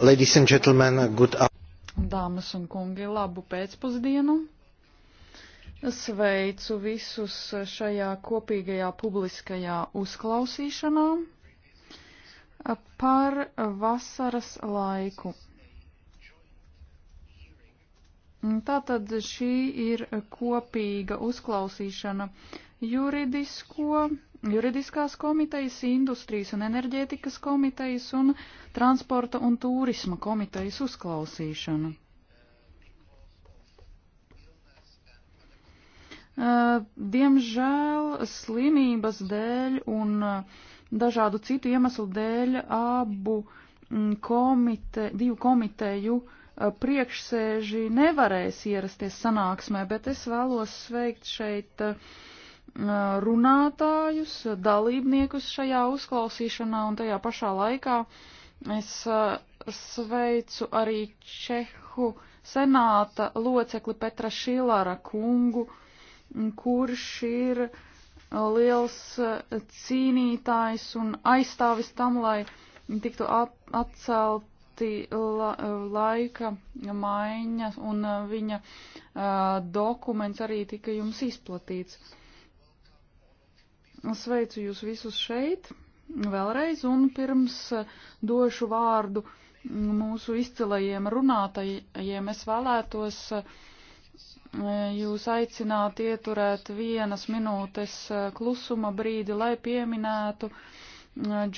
Ladies and gentlemen, good Dāmas un kungi, labu pēcpusdienu! Sveicu visus šajā kopīgajā publiskajā uzklausīšanā par vasaras laiku. Tātad šī ir kopīga uzklausīšana juridisko juridiskās komitejas, industrijas un enerģētikas komitejas un transporta un turisma komitejas uzklausīšanu. Diemžēl slimības dēļ un dažādu citu iemeslu dēļ abu komite, divu komiteju priekšsēži nevarēs ierasties sanāksmē, bet es vēlos sveikt šeit uh, runātājus, dalībniekus šajā uzklausīšanā, un tajā pašā laikā es sveicu arī Čehu senāta locekli Petra Šilāra kungu, kurš ir liels cīnītājs un aizstāvis tam, lai tiktu atcelt ļoti la, laika maiņa, un viņa uh, dokuments arī tika jums izplatīts. Sveicu jūs visus šeit vēlreiz un pirms eh, došu vārdu mūsu izcilajiem runātajiem es vēlētos eh, jūs aicināt ieturēt vienas minūtes eh, klusuma brīdi, lai pieminētu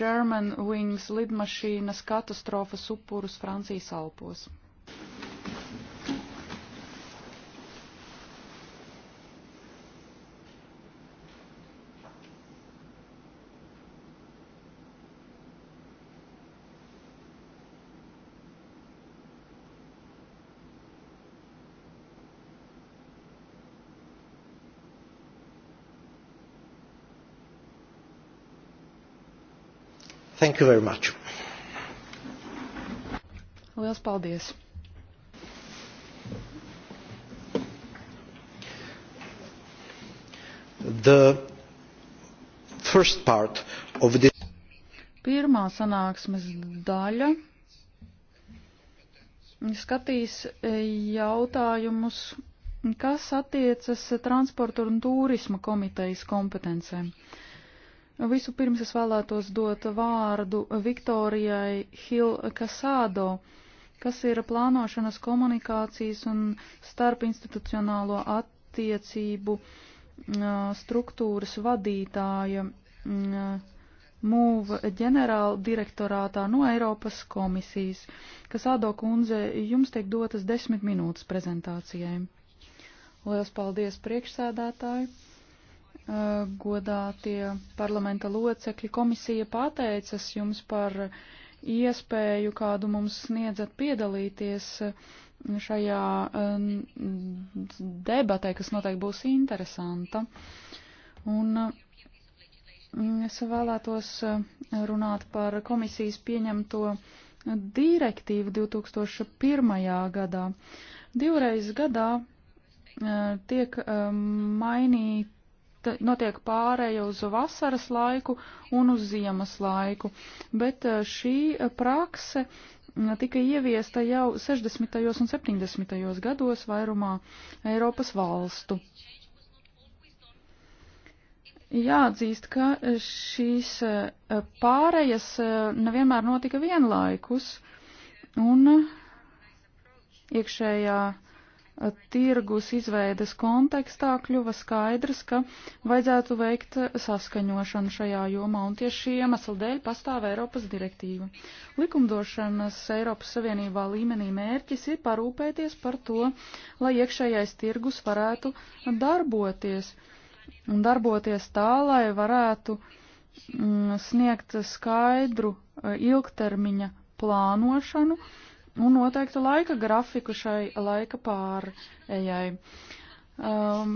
German Wings lidmašīnas katastrofas upurus Francijas Alpos. Thank you very much. Liels paldies! The first part of this Pirmā sanāksmes daļa skatīs eh, jautājumus, kas attiecas eh, transporta un tūrisma komitejas kompetencēm. Visu pirms es vēlētos dot vārdu Viktorijai Hil Kasādo, kas ir plānošanas komunikācijas un starpinstitucionālo attiecību struktūras vadītāja MUV ģenerāla direktorātā no Eiropas komisijas, kas Ado kundze jums tiek dotas desmit minūtes prezentācijai. Lielas paldies priekšsēdētāji! Eh, godātie parlamenta locekļi, komisija pateicas jums par iespēju, kādu mums sniedzat piedalīties eh, šajā eh, debatē, kas noteikti būs interesanta. Un es vēlētos runāt par komisijas pieņemto direktīvu 2001. gadā. Divreiz gadā tiek mainīta notiek pārēja uz vasaras laiku un uz ziemas laiku, bet eh, šī prakse mm, tika ieviesta jau 60. un 70. gados vairumā Eiropas valstu. Jāatzīst, ka šīs eh, pārējas eh, nevienmēr notika vienlaikus, un iekšējā uh, tirgus izveides kontekstā kļuva skaidrs, ka vajadzētu veikt saskaņošanu šajā jomā, un tieši šī iemesla dēļ pastāv Eiropas direktīva. Likumdošanas Eiropas Savienībā līmenī mērķis ir parūpēties par to, lai iekšējais tirgus varētu darboties, un darboties tā, lai varētu mm, sniegt skaidru eh, ilgtermiņa plānošanu, uh, un nu, noteiktu laika grafiku šai laika pārējai. Um,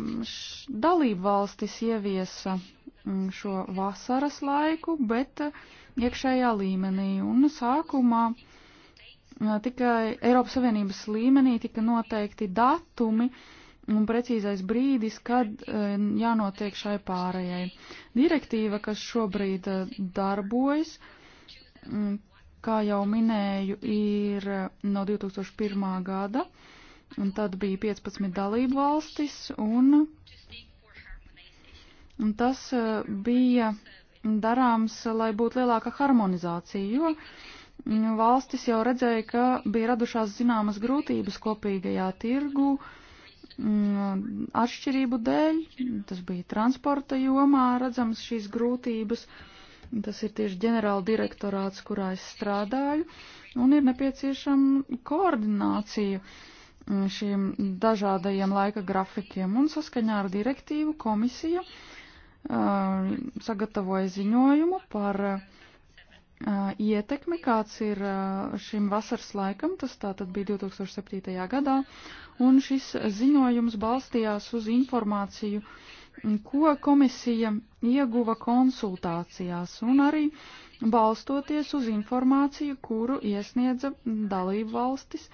dalību valstis ieviesa mm, šo vasaras laiku, bet uh, iekšējā līmenī. Un sākumā uh, tikai Eiropas Savienības līmenī tika noteikti datumi un precīzais brīdis, kad uh, jānotiek šai pārējai. Direktīva, kas šobrīd darbojas, mm, kā jau minēju, ir eh, no 2001. gada, un tad bija 15 dalību valstis, un, un tas eh, bija darāms, lai būtu lielāka harmonizācija, jo mm, valstis jau redzēja, ka bija radušās zināmas grūtības kopīgajā tirgu, mm, atšķirību dēļ, tas bija transporta jomā, redzams šīs grūtības. Uh, Tas ir tieši ģenerāla direktorāts, kurā es strādāju, un ir nepieciešama koordinācija mm, šiem dažādajiem laika grafikiem. Un saskaņā ar direktīvu komisija uh, sagatavoja ziņojumu par uh, ietekmi, kāds ir uh, šim vasaras laikam, tas tātad bija 2007. gadā, un šis ziņojums balstījās uz informāciju uh, ko komisija ieguva konsultācijās un arī balstoties uz informāciju, kuru iesniedza dalību valstis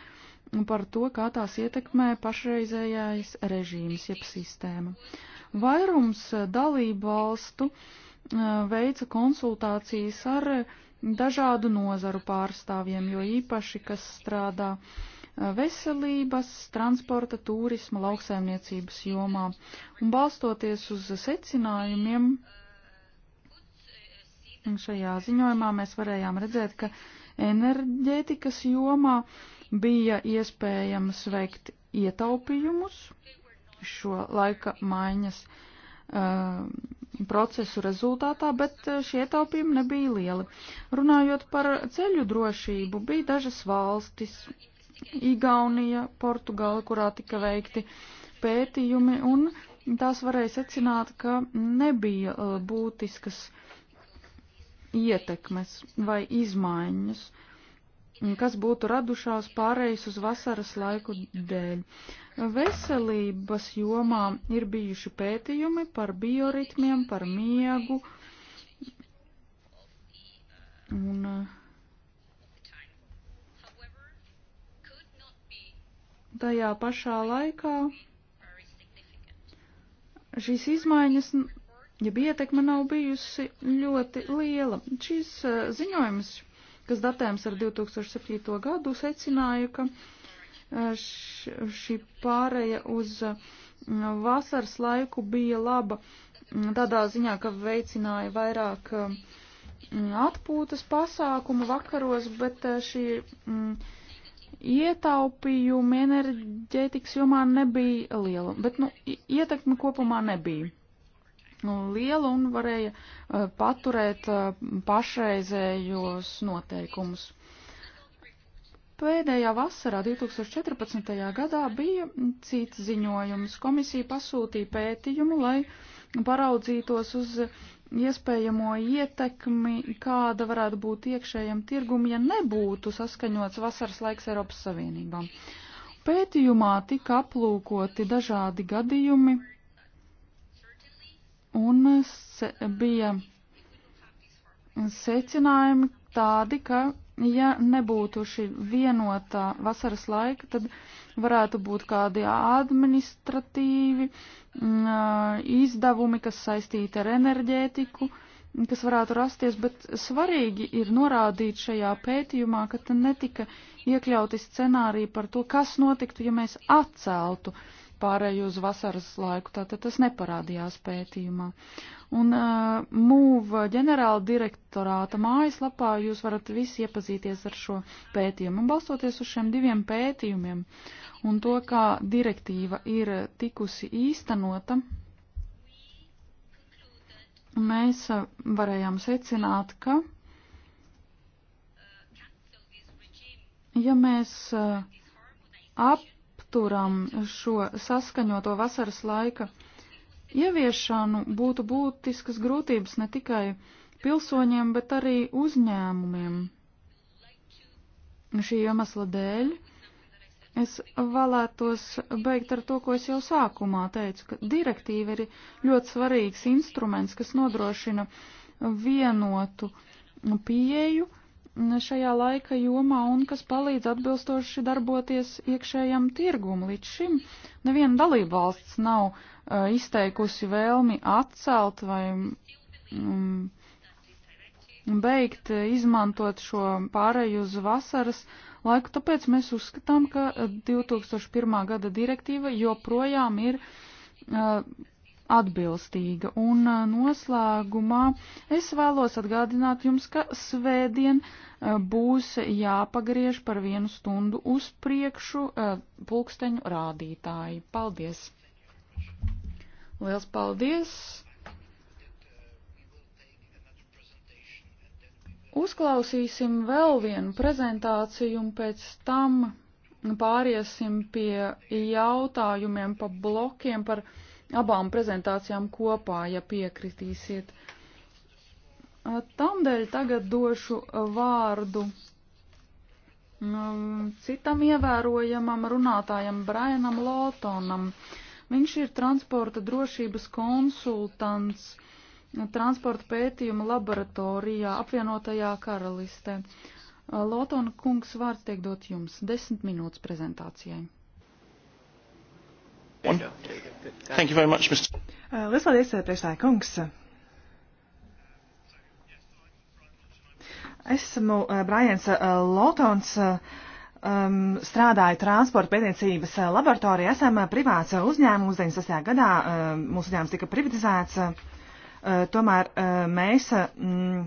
par to, kā tās ietekmē pašreizējais režīms jeb sistēma. Vairums dalību valstu uh, veica konsultācijas ar dažādu nozaru pārstāvjiem, jo īpaši, kas strādā uh, veselības, transporta, turisma, lauksaimniecības jomā. Un balstoties uz secinājumiem, šajā ziņojumā mēs varējām redzēt, ka enerģētikas jomā bija iespējams veikt ietaupījumus šo laika maiņas uh, procesu rezultātā, bet uh, šie ietaupījumi nebija lieli. Runājot par ceļu drošību, bija dažas valstis, Igaunija, Portugāla, kurā tika veikti pētījumi, un tās varēja secināt, ka nebija uh, būtiskas ietekmes vai izmaiņas, kas būtu radušās pārējais uz vasaras laiku dēļ. Veselības jomā ir bijuši pētījumi par bioritmiem, par miegu. Un, uh, tajā pašā laikā šīs izmaiņas, ja ietekme nav bijusi ļoti liela. Šīs eh, ziņojums, kas datējams ar 2007. gadu, secināja, ka eh, šī pāreja uz mm, vasaras laiku bija laba mm, tādā ziņā, ka veicināja vairāk mm, atpūtas pasākumu vakaros, bet eh, šī mm, ietaupījumi enerģētikas jomā nebija liela, bet nu, ietekme kopumā nebija nu, liela un varēja uh, paturēt uh, pašreizējos noteikumus. Pēdējā vasarā, 2014. gadā, bija cits ziņojums. Komisija pasūtīja pētījumu, lai uh, paraudzītos uz iespējamo ietekmi, kāda varētu būt iekšējam tirgum, ja nebūtu saskaņots vasaras laiks Eiropas Savienībām. Pētījumā tika aplūkoti dažādi gadījumi un se bija secinājumi tādi, ka ja nebūtu šī vienotā vasaras laika, tad varētu būt kādi administratīvi mm, izdevumi, kas saistīti ar enerģētiku, kas varētu rasties, bet svarīgi ir norādīt šajā pētījumā, ka te netika iekļauti scenāriji par to, kas notiktu, ja mēs atceltu uh, pārēju uz vasaras laiku, tātad tas neparādījās pētījumā. Un uh, MUV ģenerāla direktorāta mājaslapā jūs varat visi iepazīties ar šo pētījumu. Un balstoties uz šiem diviem pētījumiem un to, kā direktīva ir tikusi īstenota, mēs varējām secināt, ka ja mēs uh, ap apturam šo saskaņoto vasaras laika ieviešanu, būtu būtiskas grūtības ne tikai pilsoņiem, bet arī uzņēmumiem. Šī iemesla dēļ es vēlētos beigt ar to, ko es jau sākumā teicu, ka direktīva ir ļoti svarīgs instruments, kas nodrošina vienotu pieeju šajā laika jomā un kas palīdz atbilstoši darboties iekšējam tirgumu. Līdz šim neviena dalībvalsts nav uh, izteikusi vēlmi atcelt vai um, beigt eh, izmantot šo pārēju uz vasaras laiku, tāpēc mēs uzskatām, ka 2001. Eh, gada direktīva joprojām ir uh, atbilstīga. Un noslēgumā es vēlos atgādināt jums, ka svētdien būs jāpagriež par vienu stundu uz priekšu pulksteņu rādītāji. Paldies! Liels paldies! Uzklausīsim vēl vienu prezentāciju un pēc tam pāriesim pie jautājumiem pa blokiem par abām prezentācijām kopā, ja piekritīsiet. Tamdēļ tagad došu vārdu mm, citam ievērojamam runātājam Brianam Lotonam. Viņš ir transporta drošības konsultants transporta pētījuma laboratorijā apvienotajā karalistē. Lotona kungs vārds tiek dot jums desmit minūtes prezentācijai. One. Thank you very much, Mr. Uh, liels paldies, eh, priekšstāja kungs. Esmu eh, Brians eh, Lotons. Um, strādāju transporta pētniecības laboratorijā, esam privāts uzņēmums, 96. gadā um, mūsu uzņēmums tika privatizēts, uh, tomēr uh, mēs mm,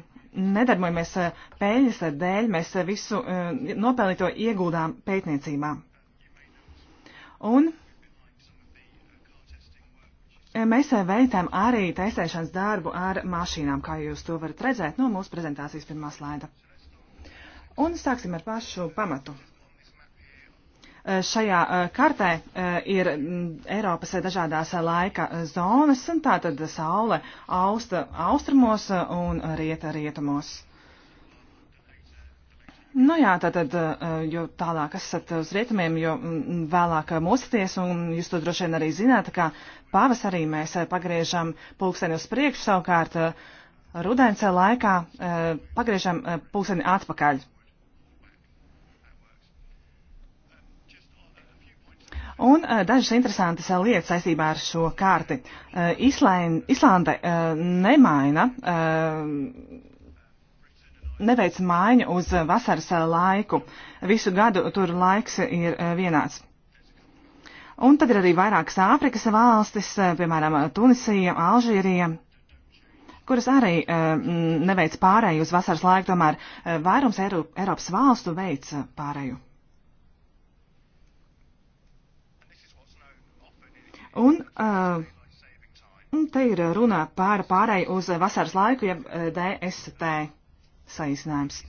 nedarbojamies peļņas dēļ, mēs visu uh, nopelnīto ieguldām pētniecībā. Un Mēs eh, veicam arī testēšanas darbu ar mašīnām, kā jūs to varat redzēt no mūsu prezentācijas pirmā slaida. Un sāksim ar pašu pamatu. Eh, šajā eh, kartē ir mm, Eiropas dažādās laika zonas, un tā tad saule austa austrumos un rieta rietumos. Nu jā, tātad, eh, jo tālāk esat uz rietumiem, jo mm, vēlāk mosties, un jūs to droši vien arī zināt, ka pavasarī mēs eh, pagriežam pulksteni uz priekšu, savukārt eh, rudens laikā pagriežam pulksteni atpakaļ. Un dažas interesantas lietas saistībā ar šo kārti. Islēn, Islande nemaina neveic mājiņu uz vasaras eh, laiku. Visu gadu tur laiks ir eh, vienāds. Un tad ir arī vairākas Āfrikas valstis, eh, piemēram, Tunisija, Alžīrija, kuras arī neveic pārēju uz vasaras laiku, tomēr vairums Eiropas valstu veic pārēju. Un uh, te ir runa par pārēju uz vasaras laiku, jeb DST saīsinājums.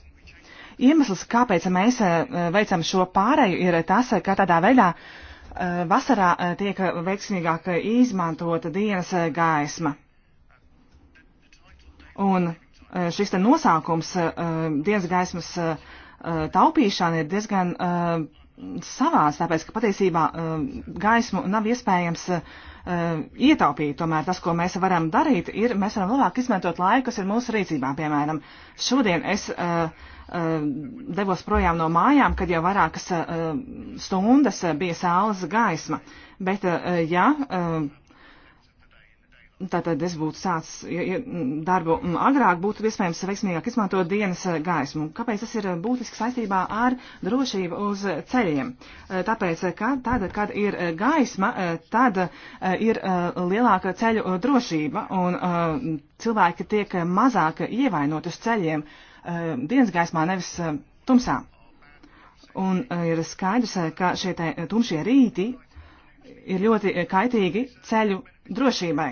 Iemesls, kāpēc mēs eh, veicam šo pārēju, ir tas, ka tādā veidā eh, vasarā eh, tiek veiksmīgāk izmantota dienas gaisma. Un šis te nosaukums dienas gaismas taupīšana ir diezgan savāds, tāpēc, ka patiesībā gaismu nav iespējams uh, Um, ietaupīt. Tomēr tas, ko mēs varam darīt, ir, mēs varam labāk izmantot laiku, kas ir mūsu rīcībā. Piemēram, šodien es uh, uh, devos projām no mājām, kad jau vairākas uh, stundas bija saules gaisma. Bet, ja Tātad es būtu sācis ja darbu agrāk, būtu iespējams veiksmīgāk izmantot dienas gaismu. Kāpēc tas ir būtiski saistībā ar drošību uz ceļiem? Eh, tāpēc, ka tad, kad ir gaisma, eh, tad eh, ir lielāka ceļu drošība un cilvēki tiek mazāk ievainot uz ceļiem dienas gaismā, nevis tumsā. Un ir skaidrs, ka šie tumšie rīti ir ļoti kaitīgi ceļu drošībai.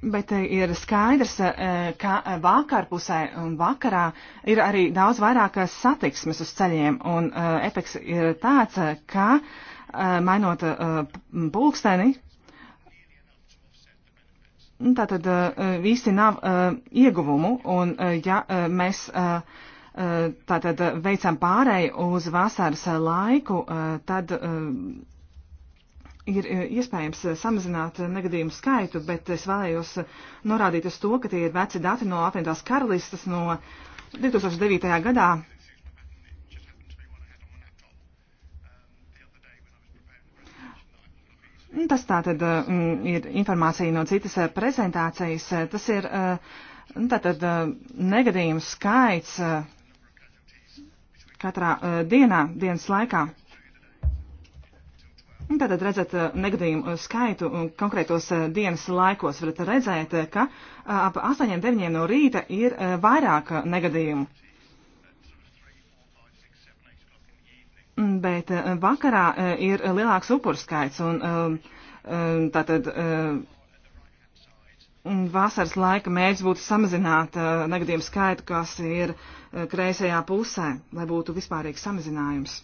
Bet eh, ir skaidrs, eh, ka vakarpusē un vakarā ir arī daudz vairāk eh, satiksmes uz ceļiem, un efekts ir tāds, ka mainot pulksteni, nu, tātad visi nav ieguvumu, un ja mēs tātad veicam pārēju uz vasaras laiku, tad ir e, iespējams e, samazināt e, negadījumu skaitu, bet es vēlējos norādīt uz to, ka tie ir veci dati no apvienotās karalistas no 2009. gadā. Nu, tas tā tad ir informācija no citas prezentācijas. Tas ir nu, tātad negadījumu skaits katrā dienā, dienas laikā. Tātad redzat eh, negadījumu eh, skaitu un eh, konkrētos dienas laikos varat redzēt, ka ap 8-9 no rīta ir vairāk negadījumu. Mm, bet vakarā ir lielāks upurskaits un tātad vasaras laika mērķis būtu samazināt uh, negadījumu skaitu, kas ir uh, kreisajā pusē, lai būtu vispārīgs samazinājums.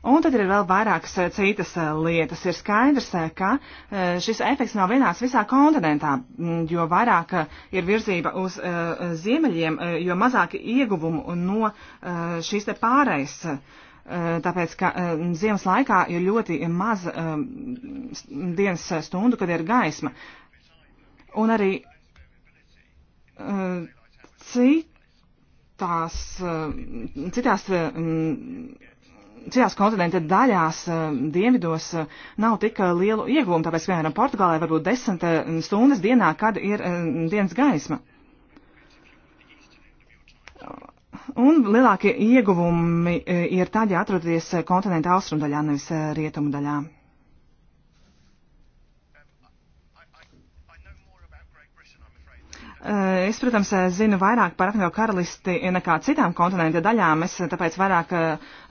Un tad ir vēl vairākas eh, citas eh, lietas. Ir skaidrs, eh, ka šis efekts nav vienāds visā kontinentā, mm, jo vairāk ir virzība uz ziemeļiem, jo mazāk ieguvumu no šīs te pārējas. Tāpēc, ka ziemas laikā ir ļoti maz dienas stundu, kad ir gaisma. Un arī citās, citās citās kontinenta daļās, eh, dienvidos, eh, nav tik eh, lielu iegūmu, tāpēc, piemēram, Portugālē varbūt desmit stundas dienā, kad ir dienas gaisma. Un lielākie ieguvumi ir tad, ja atrodaties kontinenta austrumdaļā, nevis rietumu daļā. Eh, es, protams, eh, zinu vairāk par apvienoto karalisti nekā citām kontinenta daļām, es eh, tāpēc vairāk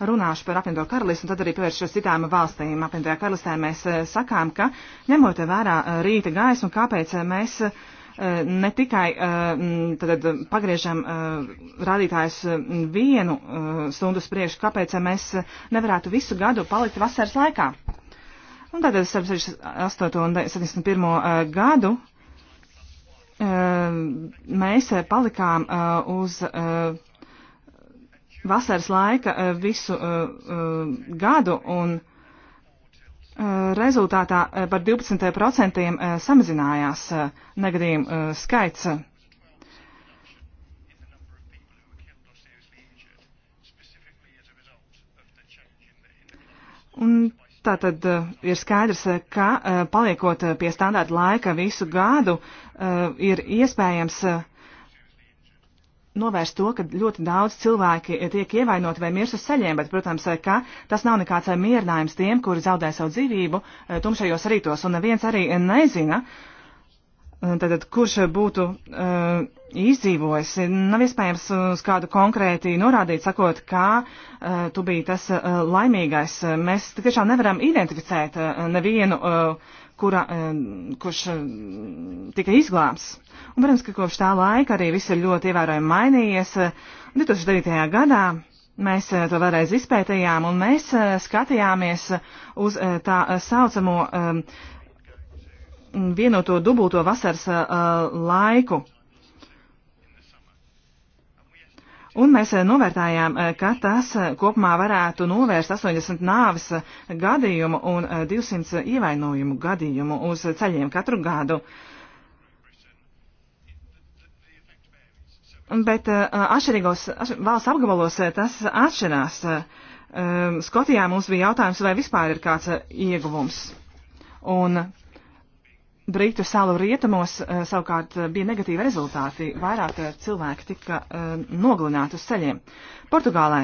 runāšu par apvienoto karalisti un tad arī pievēršos citām valstīm. Apvienotajā karalistē mēs sakām, ka ņemot vērā rīta gaismu, kāpēc mēs ne tikai tad, pagriežam rādītājus vienu stundu spriež, kāpēc mēs nevarētu visu gadu palikt vasaras laikā. Un tātad starp 68 un 71 gadu Ehm, mēs eh, palikām eh, uz eh, vasaras laika visu gadu un rezultātā par 12% samazinājās negadījumu skaits. Un Tātad eh, ir skaidrs, eh, ka eh, paliekot pie standārta laika visu gadu, ir iespējams novērst to, ka ļoti daudz cilvēki tiek ievainoti vai mirst uz ceļiem, bet, protams, ka tas nav nekāds mierinājums tiem, kuri zaudē savu dzīvību tumšajos rītos, un neviens arī nezina, uh, Eh, tātad, kurš būtu uh, izdzīvojis, nav iespējams eh, uz kādu konkrēti norādīt, sakot, kā uh, tu biji tas uh, laimīgais. Mēs tiešām nevaram identificēt uh, nevienu, uh, kura, uh, kurš uh, tika izglābs. Un, protams, ka kopš tā laika arī viss ir ļoti ievērojami mainījies. 2009. gadā Mēs to vēlreiz izpētījām un mēs skatījāmies uz tā saucamo vienoto dubulto vasaras laiku. Un mēs novērtājām, ka tas kopumā varētu novērst 80 nāvis gadījumu un 200 ievainojumu gadījumu uz ceļiem katru gadu. Bet atšķirīgos atš, valsts apgabalos tas atšķirās. Skotijā mums bija jautājums, vai vispār ir kāds ieguvums. Un Brītu salu rietumos eh, savukārt eh, bija negatīvi rezultāti. Vairāk eh, cilvēki tika nogalināti uz ceļiem. Portugālē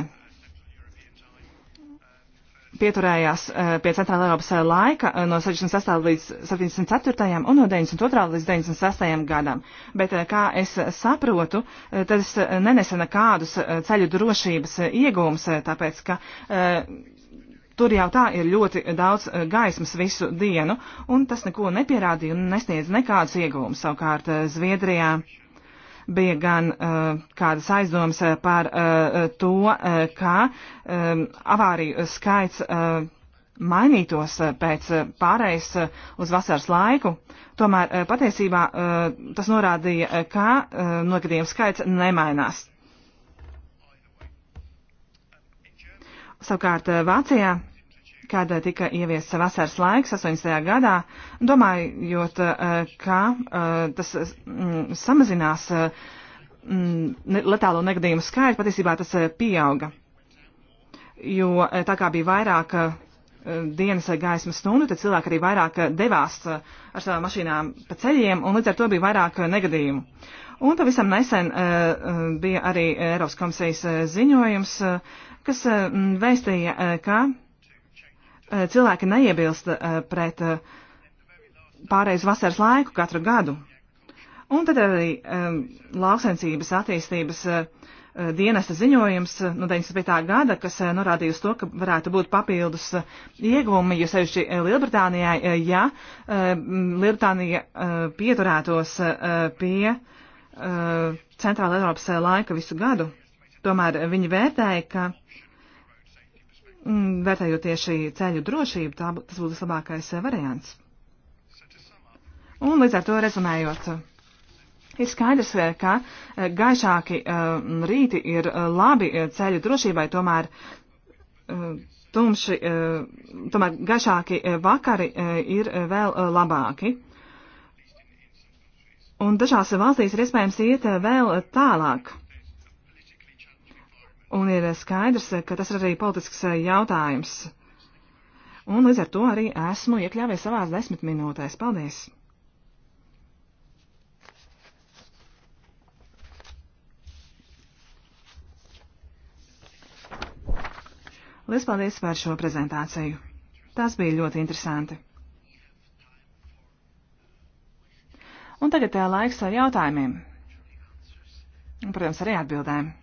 pieturējās pie Centrāla Eiropas laika no 68. līdz 74. un no 92. līdz 96. gadam. Bet, kā es saprotu, tas nenesa nekādus ceļu drošības iegūmus, tāpēc, ka Tur jau tā ir ļoti daudz eh, gaismas visu dienu, un tas neko nepierādīja un nesniedz nekādus ieguvumus. Savukārt eh, Zviedrijā bija gan uh, kādas aizdomas par uh, to, uh, kā um, avāriju skaits uh, mainītos uh, pēc uh, pārējais uh, uz vasaras laiku. Tomēr uh, patiesībā uh, tas norādīja, uh, ka uh, nogadījums skaits nemainās. Savukārt eh, Vācijā, kad eh, tika ieviests vasaras laiks 18. gadā, domājot, eh, kā tas mm, samazinās mm, letālo negadījumu skaitu, patiesībā tas pieauga. Jo tā kā bija vairāk dienas gaismas stundu, tad cilvēki arī vairāk devās ar savām mašīnām pa ceļiem, un līdz ar to bija vairāk negadījumu. Un pavisam nesen uh, bija arī Eiropas komisijas ziņojums, uh, kas eh, veistīja, eh, ka eh, cilvēki neiebilst pret pārējais vasaras laiku katru gadu. Un tad arī lauksensības attīstības dienesta ziņojums no 95. gada, kas norādīja uz to, ka varētu būt papildus ieguvumi, jo sevišķi Lielbritānijā, ja Lielbritānija pieturētos pie Centrāla Eiropas laika visu gadu. Tomēr viņi vērtēja, ka mm, vērtējot tieši ceļu drošību, tā, tas būtu vislabākais eh, variants. Un līdz ar to rezumējot, ir skaidrs, eh, ka eh, gaišāki rīti ir labi ceļu drošībai, tomēr tumši, tomēr gaišāki vakari ir vēl labāki. Un dažās valstīs ir iespējams iet vēl tālāk. Un ir skaidrs, ka tas ir arī politisks eh, jautājums. Un līdz ar to arī esmu iekļāvies savās desmit minūtēs. Paldies! Liels paldies par šo prezentāciju. Tas bija ļoti interesanti. Un tagad tā eh, laiks ar jautājumiem. Un, protams, arī atbildēm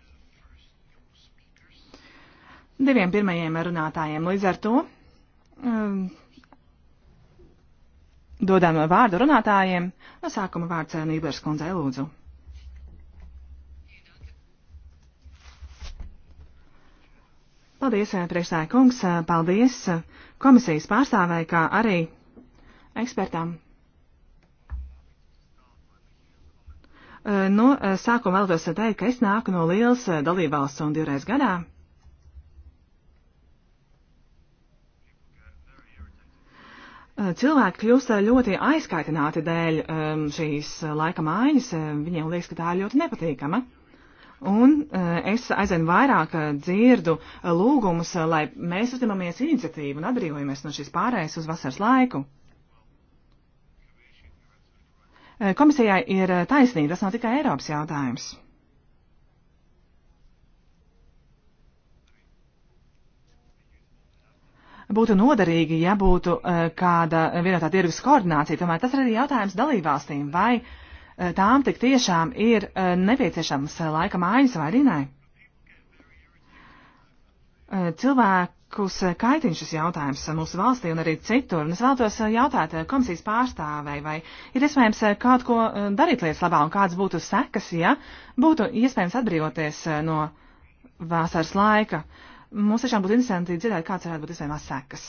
diviem pirmajiem runātājiem. Līdz ar to um, dodam vārdu runātājiem. No sākuma vārds eh, Nīblers kundzei lūdzu. Paldies, eh, priekšstāja kungs, eh, paldies komisijas pārstāvēji, kā arī ekspertām. No sākuma vēlos teikt, ka es nāku no liels dalībvalsts un divreiz gadā Eh, cilvēki kļūst eh, ļoti aizkaitināti dēļ eh, šīs laika mājas, viņiem liekas, ka tā ir ļoti nepatīkama. Un es aizvien vairāk dzirdu lūgumus, lai mēs uzņemamies iniciatīvu un atbrīvojamies no šīs pārējas uz vasaras laiku. Komisijai ir taisnība, tas nav tikai Eiropas jautājums. būtu noderīgi, ja būtu eh, kāda vienotā tirgus koordinācija. Tomēr tas ir arī jautājums dalībvalstīm, vai eh, tām tik tiešām ir eh, nepieciešams laika mājas vai rinai. Cilvēkus kaitina šis jautājums mūsu valstī un arī citur, un es vēlētos jautāt komisijas pārstāvei, vai ir iespējams kaut ko darīt lietas labā un kāds būtu sekas, ja būtu iespējams atbrīvoties no vasaras laika. Uh, Mums tiešām būtu interesanti dzirdēt, kāds varētu būt iespējamās sekas.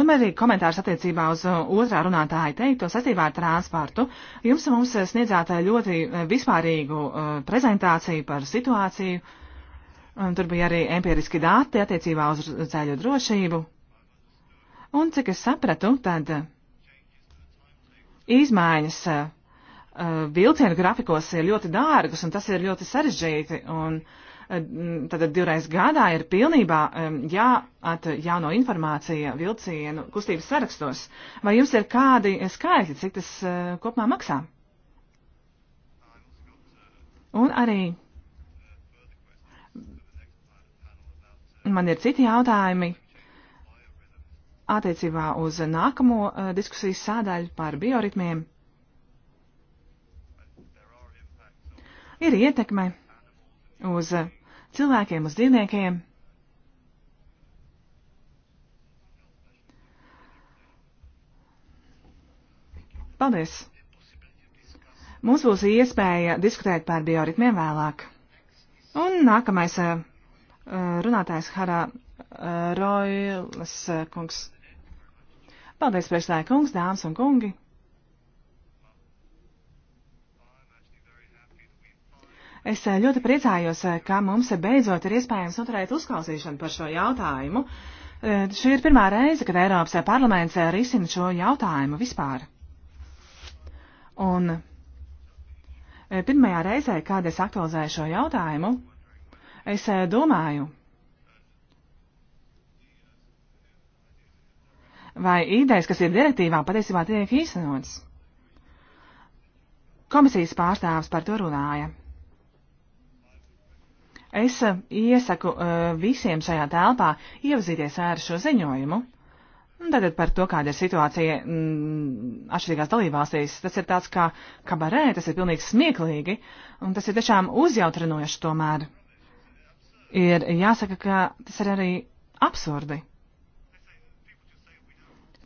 Un arī komentārs attiecībā uz uh, otrā runātāja teikto saistībā ar transportu. Jums mums sniedzāt uh, ļoti uh, vispārīgu prezentāciju par situāciju. Un tur bija arī empiriski dati attiecībā uz ceļu drošību. Un cik es sapratu, tad izmaiņas vilcienu grafikos ir ļoti dārgas un tas ir ļoti sarežģīti. Un, uh, tātad divreiz gadā ir pilnībā jāatjauno informācija vilcienu kustības sarakstos. Vai jums ir kādi skaitļi, cik tas eh, kopumā maksā? Un arī man ir citi jautājumi attiecībā uz nākamo eh, diskusijas sādaļu par bioritmiem. Ir ietekme uz cilvēkiem, uz dzīvniekiem. Paldies! Mums būs iespēja diskutēt par bioritmiem vēlāk. Un nākamais uh, uh, runātājs Harā uh, Roilas kungs. Paldies, priekšstāja kungs, dāmas un kungi! Es eh, ļoti priecājos, eh, ka mums beidzot ir iespējams noturēt uzklausīšanu par šo jautājumu. Eh, šī ir pirmā reize, kad Eiropas parlaments risina šo jautājumu vispār. Un pirmajā reizē, kad es aktualizēju šo jautājumu, es domāju, vai idejas, kas ir direktīvā, patiesībā tiek īstenotas. Komisijas pārstāvs par to runāja. Es eh, iesaku eh, visiem šajā telpā iepazīties ar šo ziņojumu. Tātad par to, kāda ir situācija m, mm, atšķirīgās dalībvalstīs, tas ir tāds kā kabarē, tas ir pilnīgi smieklīgi, un tas ir tiešām uzjautrinoši tomēr. Ir jāsaka, ka tas ir arī absurdi.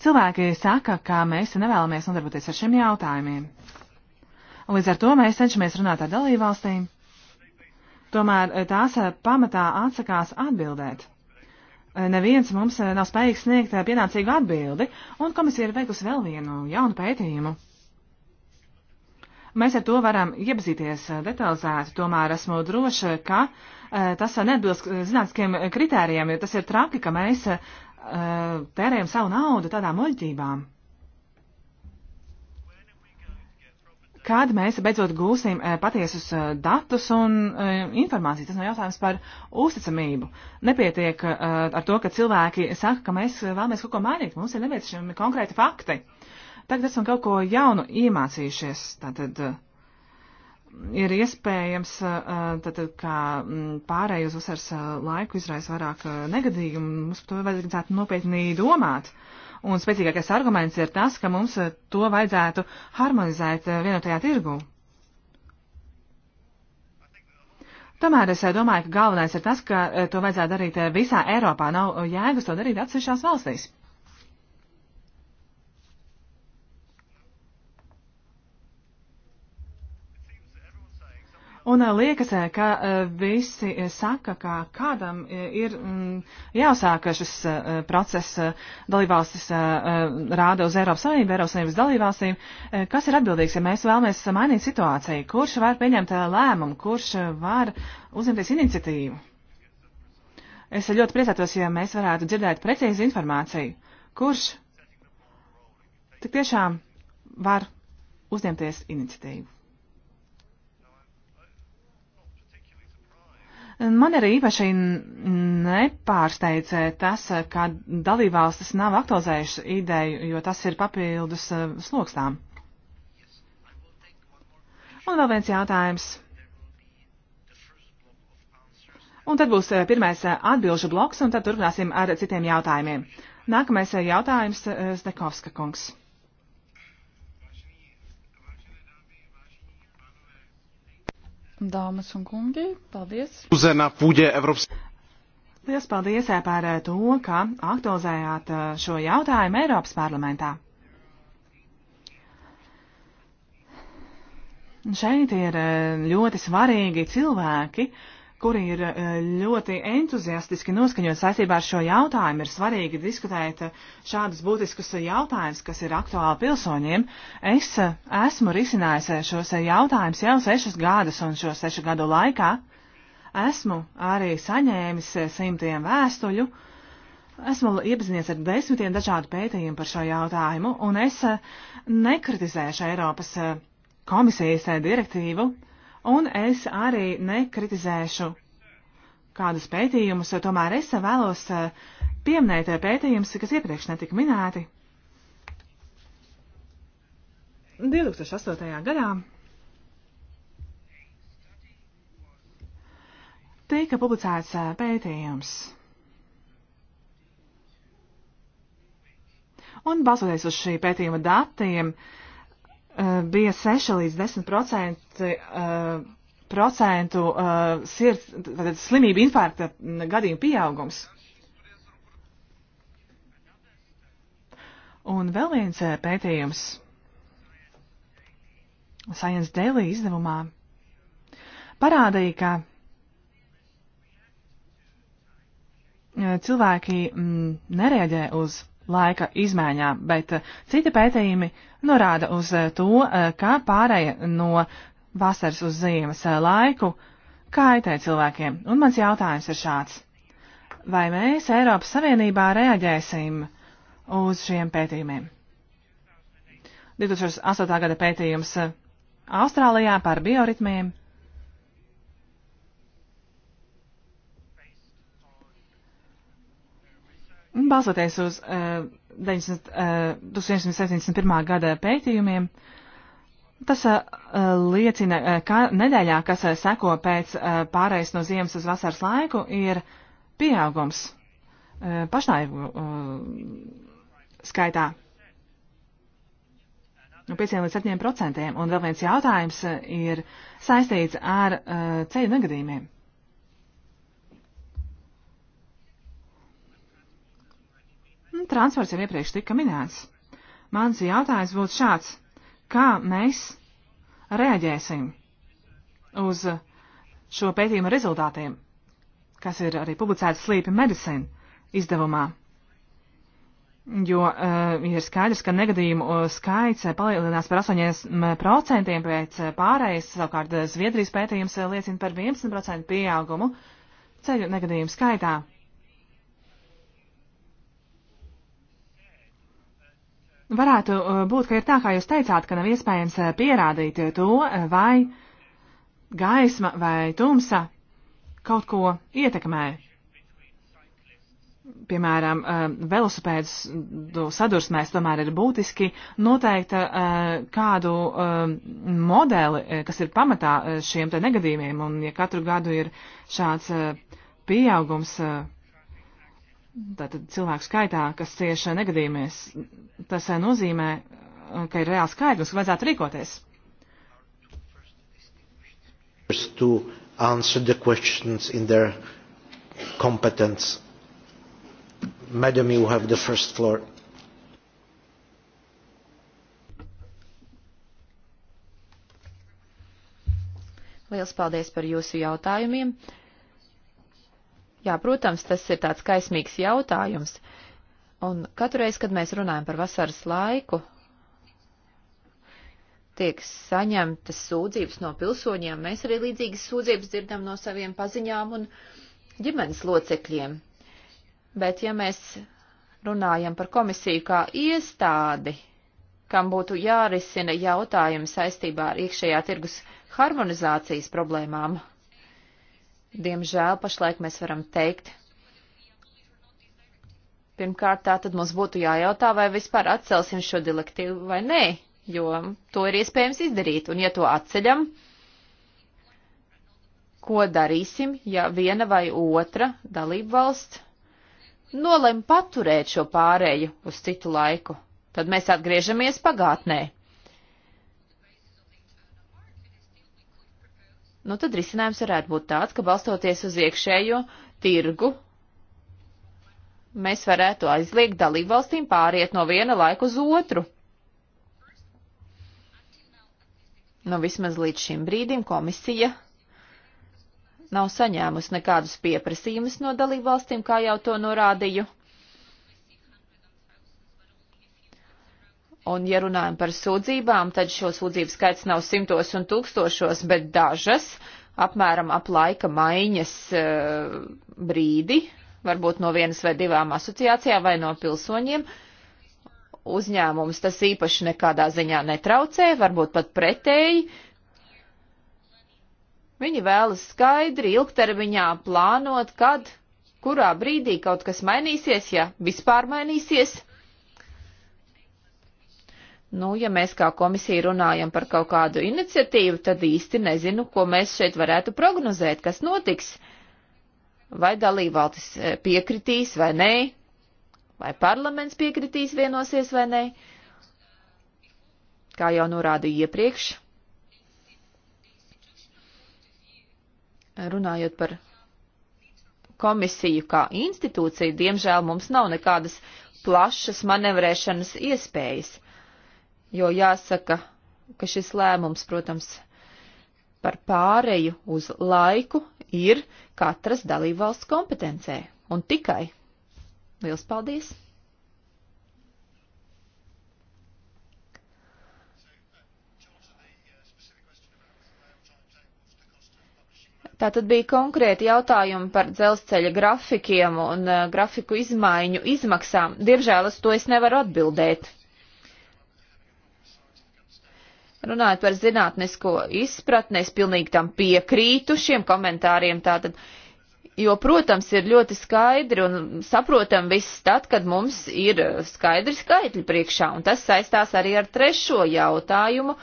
Cilvēki saka, ka mēs nevēlamies nodarboties ar šiem jautājumiem. Līdz ar to mēs cenšamies runāt ar dalībvalstīm Tomēr eh, tās eh, pamatā atsakās atbildēt. Eh, neviens mums nav spējīgs sniegt pienācīgu atbildi, un komisija ir veikusi vēl vienu jaunu pētījumu. Mēs ar to varam iepazīties detalizēti, tomēr esmu droša, ka tas neatbilst zinātniskiem kritērijiem, jo tas ir traki, ka mēs tērējam savu naudu tādām muļķībām. kad mēs beidzot gūsim eh, patiesus eh, datus un eh, informāciju. Tas nav jautājums par uzticamību. Nepietiek ar to, ka cilvēki saka, ka mēs vēlamies kaut ko mainīt. Mums ir nepieciešami konkrēti fakti. Tagad esam kaut ko jaunu iemācījušies. Tātad, Ir iespējams, tad, kā mm, pārējus vasaras laiku izraisa vairāk negadīgumu, mums par to vajadzētu nopietni domāt. Uh, Un spēcīgākais arguments ir tas, ka mums eh, to vajadzētu harmonizēt eh, vienotajā tirgū. Tomēr es eh, domāju, ka galvenais ir tas, ka to vajadzētu darīt visā Eiropā. Nav jēgas to darīt atsevišķās valstīs. Un eh, liekas, eh, ka eh, visi saka, ka kādam ir mm, jāsāk šis process dalībvalstis rāda uz Eiropas Savienību, Eiropas Savienības dalībvalstīm. Kas ir atbildīgs, ja mēs vēlamies mainīt situāciju? Kurš var pieņemt lēmumu? Kurš var uzņemties iniciatīvu? Es ļoti priecātos, ja mēs varētu dzirdēt precīzi informāciju. Kurš tik tiešām var uzņemties iniciatīvu? Man arī īpaši nepārsteidz tas, ka dalībvalstis nav aktualizējušas ideju, jo tas ir papildus eh, slokstām. Un vēl viens jautājums. Un tad būs eh, pirmais eh, atbilžu bloks, un tad turpināsim ar citiem jautājumiem. Nākamais jautājums Zdekovska kungs. Dāmas un kungi, paldies! Uzena pūģē Eiropas. Liels paldies par to, ka aktualizējāt šo jautājumu Eiropas parlamentā. Šeit ir ļoti svarīgi cilvēki, uh, kuri ir eh, ļoti entuziastiski noskaņot saistībā ar šo jautājumu. Ir svarīgi diskutēt eh, šādus būtiskus jautājumus, kas ir aktuāli pilsoņiem. Es eh, esmu risinājis šos jautājumus jau sešus gadus, un šo sešu gadu laikā esmu arī saņēmis simtiem vēstuļu. Esmu iepazinies ar desmitiem dažādu pētījumu par šo jautājumu, un es nekritizēšu Eiropas komisijas direktīvu un es arī nekritizēšu kādus pētījumus, tomēr es vēlos eh, pieminēt eh, pētījumus, kas iepriekš netika minēti. 2008. gadā tika publicēts eh, pētījums. Un balsoties uz šī pētījuma datiem, uh, bija 6 līdz 10 procenti eh, procentu uh, sirds tātad, slimību infarkta gadījumu pieaugums. Un vēl viens eh, pētījums Science Daily izdevumā parādīja, ka cilvēki mm, nereaģē uz laika izmaiņām, bet eh, citi pētījumi norāda uz eh, to, eh, kā pārēja no vasaras uz ziemas laiku kaitē cilvēkiem. Un mans jautājums ir šāds. Vai mēs Eiropas Savienībā reaģēsim uz šiem pētījumiem? 2008. gada pētījums Austrālijā par bioritmiem Balsoties uz uh, 90, uh, 1971. gada pētījumiem, tas uh, liecina, eh, ka nedēļā, kas uh, seko pēc uh, pārējais no ziemas uz vasaras laiku, ir pieaugums uh, pašnāvību uh, skaitā. No 5 līdz 7 procentiem. Un vēl viens jautājums ir saistīts ar uh, ceļu negadījumiem. Transfers jau iepriekš tika minēts. Mans jautājums būtu šāds. Kā mēs reaģēsim uz šo pētījumu rezultātiem, kas ir arī publicēts Sleepy Medicine izdevumā? Jo uh, ir skaidrs, ka negadījumu skaits eh, palielinās par 8% pēc pārējas, savukārt eh, Zviedrijas pētījums liecina par 11% pieaugumu ceļu negadījumu skaitā. Varētu uh, būt, ka ir tā, kā jūs teicāt, ka nav iespējams uh, pierādīt to, uh, vai gaisma vai tumsa kaut ko ietekmē. Piemēram, velosipēdu sadursmēs tomēr ir būtiski noteikta kādu modeli, kas ir pamatā šiem te negadījumiem, un ja katru gadu ir šāds pieaugums tātad cilvēku skaitā, kas cieš negadījumies, tas eh, nozīmē, eh, ka ir reāls skaidrs, ka vajadzētu rīkoties. To answer the questions in their competence. Madam, you have the first floor. Liels paldies par jūsu jautājumiem. Uh, Jā, protams, tas ir tāds kaismīgs jautājums. Un katru reizi, kad mēs runājam par vasaras laiku, tiek saņemtas sūdzības no pilsoņiem, mēs arī līdzīgas sūdzības dzirdam no saviem paziņām un ģimenes locekļiem. Bet ja mēs runājam par komisiju kā iestādi, kam būtu jārisina jautājumi saistībā ar iekšējā tirgus harmonizācijas problēmām, Diemžēl pašlaik mēs varam teikt, pirmkārt tā tad mums būtu jājautā, vai vispār atcelsim šo direktīvu vai nē, jo to ir iespējams izdarīt. Un ja to atceļam, ko darīsim, ja viena vai otra dalība valsts nolem paturēt šo pārēju uz citu laiku? Tad mēs atgriežamies pagātnē. nu tad risinājums varētu būt tāds, ka balstoties uz iekšējo tirgu, mēs varētu aizliegt dalībvalstīm pāriet no viena laika uz otru. Nu, vismaz līdz šim brīdim komisija nav saņēmusi nekādus pieprasījumus no dalībvalstīm, kā jau to norādīju. Un, ja runājam par sūdzībām, tad šo sūdzību skaits nav simtos un tūkstošos, bet dažas, apmēram ap laika maiņas uh, brīdi, varbūt no vienas vai divām asociācijām vai no pilsoņiem, uzņēmums tas īpaši nekādā ziņā netraucē, varbūt pat pretēji. Viņi vēlas skaidri ilgtermiņā plānot, kad, kurā brīdī kaut kas mainīsies, ja vispār mainīsies Nu, ja mēs kā komisija runājam par kaut kādu iniciatīvu, tad īsti nezinu, ko mēs šeit varētu prognozēt, kas notiks. Vai dalībvaltis eh, piekritīs vai nē, vai parlaments piekritīs vienosies vai nē. Kā jau norādīju iepriekš, runājot par komisiju kā institūciju, diemžēl mums nav nekādas plašas manevrēšanas iespējas jo jāsaka, ka šis lēmums, protams, par pāreju uz laiku ir katras dalībvalsts kompetencē un tikai. Liels paldies! Tā tad bija konkrēti jautājumi par dzelzceļa grafikiem un uh, grafiku izmaiņu izmaksām. Diemžēl uz to es nevaru atbildēt. Runājot par zinātnisko izpratni, es pilnīgi tam piekrītu šiem komentāriem. Tātad, jo, protams, ir ļoti skaidri un saprotam viss tad, kad mums ir skaidri skaitļi priekšā. Un tas saistās arī ar trešo jautājumu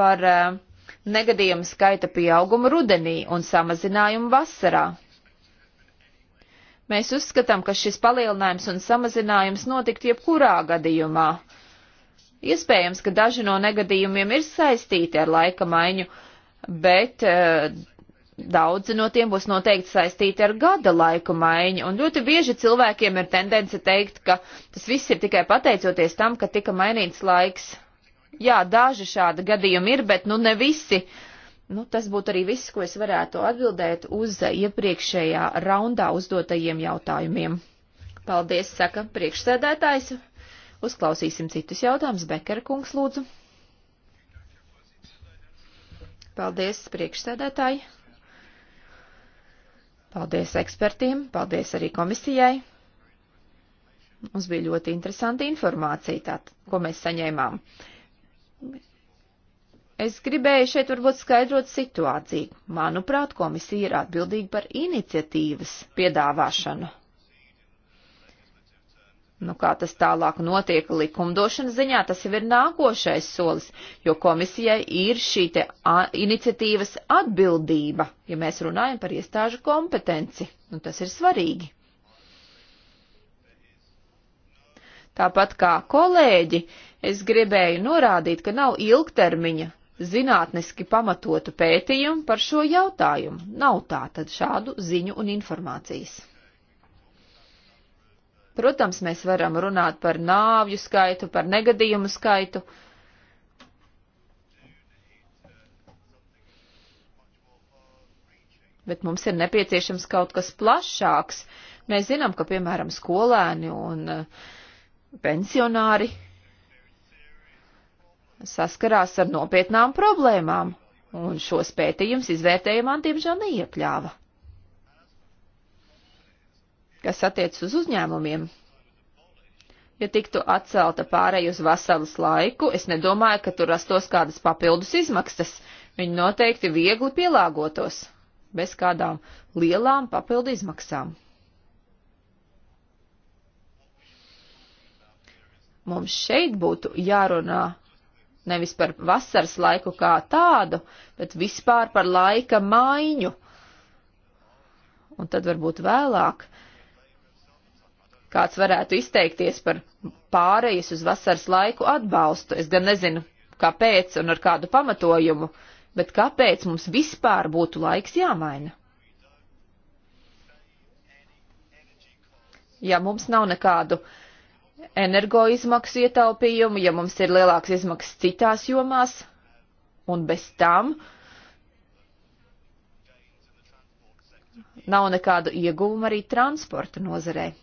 par eh, negadījumu skaita pieaugumu rudenī un samazinājumu vasarā. Mēs uzskatām, ka šis palielinājums un samazinājums notikt jebkurā gadījumā Iespējams, ka daži no negadījumiem ir saistīti ar laika maiņu, bet uh, daudzi no tiem būs noteikti saistīti ar gada laiku maiņu. Un ļoti bieži cilvēkiem ir tendence teikt, ka tas viss ir tikai pateicoties tam, ka tika mainīts laiks. Jā, daži šādi gadījumi ir, bet nu ne visi. Nu, tas būtu arī viss, ko es varētu atbildēt uz iepriekšējā raundā uzdotajiem jautājumiem. Paldies, saka priekšsēdētājs. Uzklausīsim citus jautājumus. Bekara kungs, lūdzu. Paldies, priekšsēdētāji. Paldies ekspertiem, paldies arī komisijai. Mums bija ļoti interesanti informācija, tā, ko mēs saņēmām. Es gribēju šeit varbūt skaidrot situāciju. Manuprāt, komisija ir atbildīga par iniciatīvas piedāvāšanu Nu, kā tas tālāk notiek likumdošanas ziņā, tas jau ir nākošais solis, jo komisijai ir šī te iniciatīvas atbildība, ja mēs runājam par iestāžu kompetenci. Nu, tas ir svarīgi. Tāpat kā kolēģi, es gribēju norādīt, ka nav ilgtermiņa zinātniski pamatotu pētījumu par šo jautājumu. Nav tā tad šādu ziņu un informācijas. Protams, mēs varam runāt par nāvju skaitu, par negadījumu skaitu. Bet mums ir nepieciešams kaut kas plašāks. Mēs zinām, ka, piemēram, skolēni un eh, pensionāri saskarās ar nopietnām problēmām, un šos pētījums izvērtējumā, diemžēl, neiekļāva kas attiec uz uzņēmumiem. Ja tiktu atcelta pārēj uz vasaras laiku, es nedomāju, ka tur rastos kādas papildus izmaksas. Viņi noteikti viegli pielāgotos, bez kādām lielām papildu izmaksām. Mums šeit būtu jārunā nevis par vasaras laiku kā tādu, bet vispār par laika maiņu. Un tad varbūt vēlāk kāds varētu izteikties par pārejas uz vasaras laiku atbalstu. Es gan nezinu, kāpēc un ar kādu pamatojumu, bet kāpēc mums vispār būtu laiks jāmaina? Ja mums nav nekādu energoizmaksu ietaupījumu, ja mums ir lielāks izmaksas citās jomās, un bez tam nav nekādu ieguvumu arī transporta nozarei.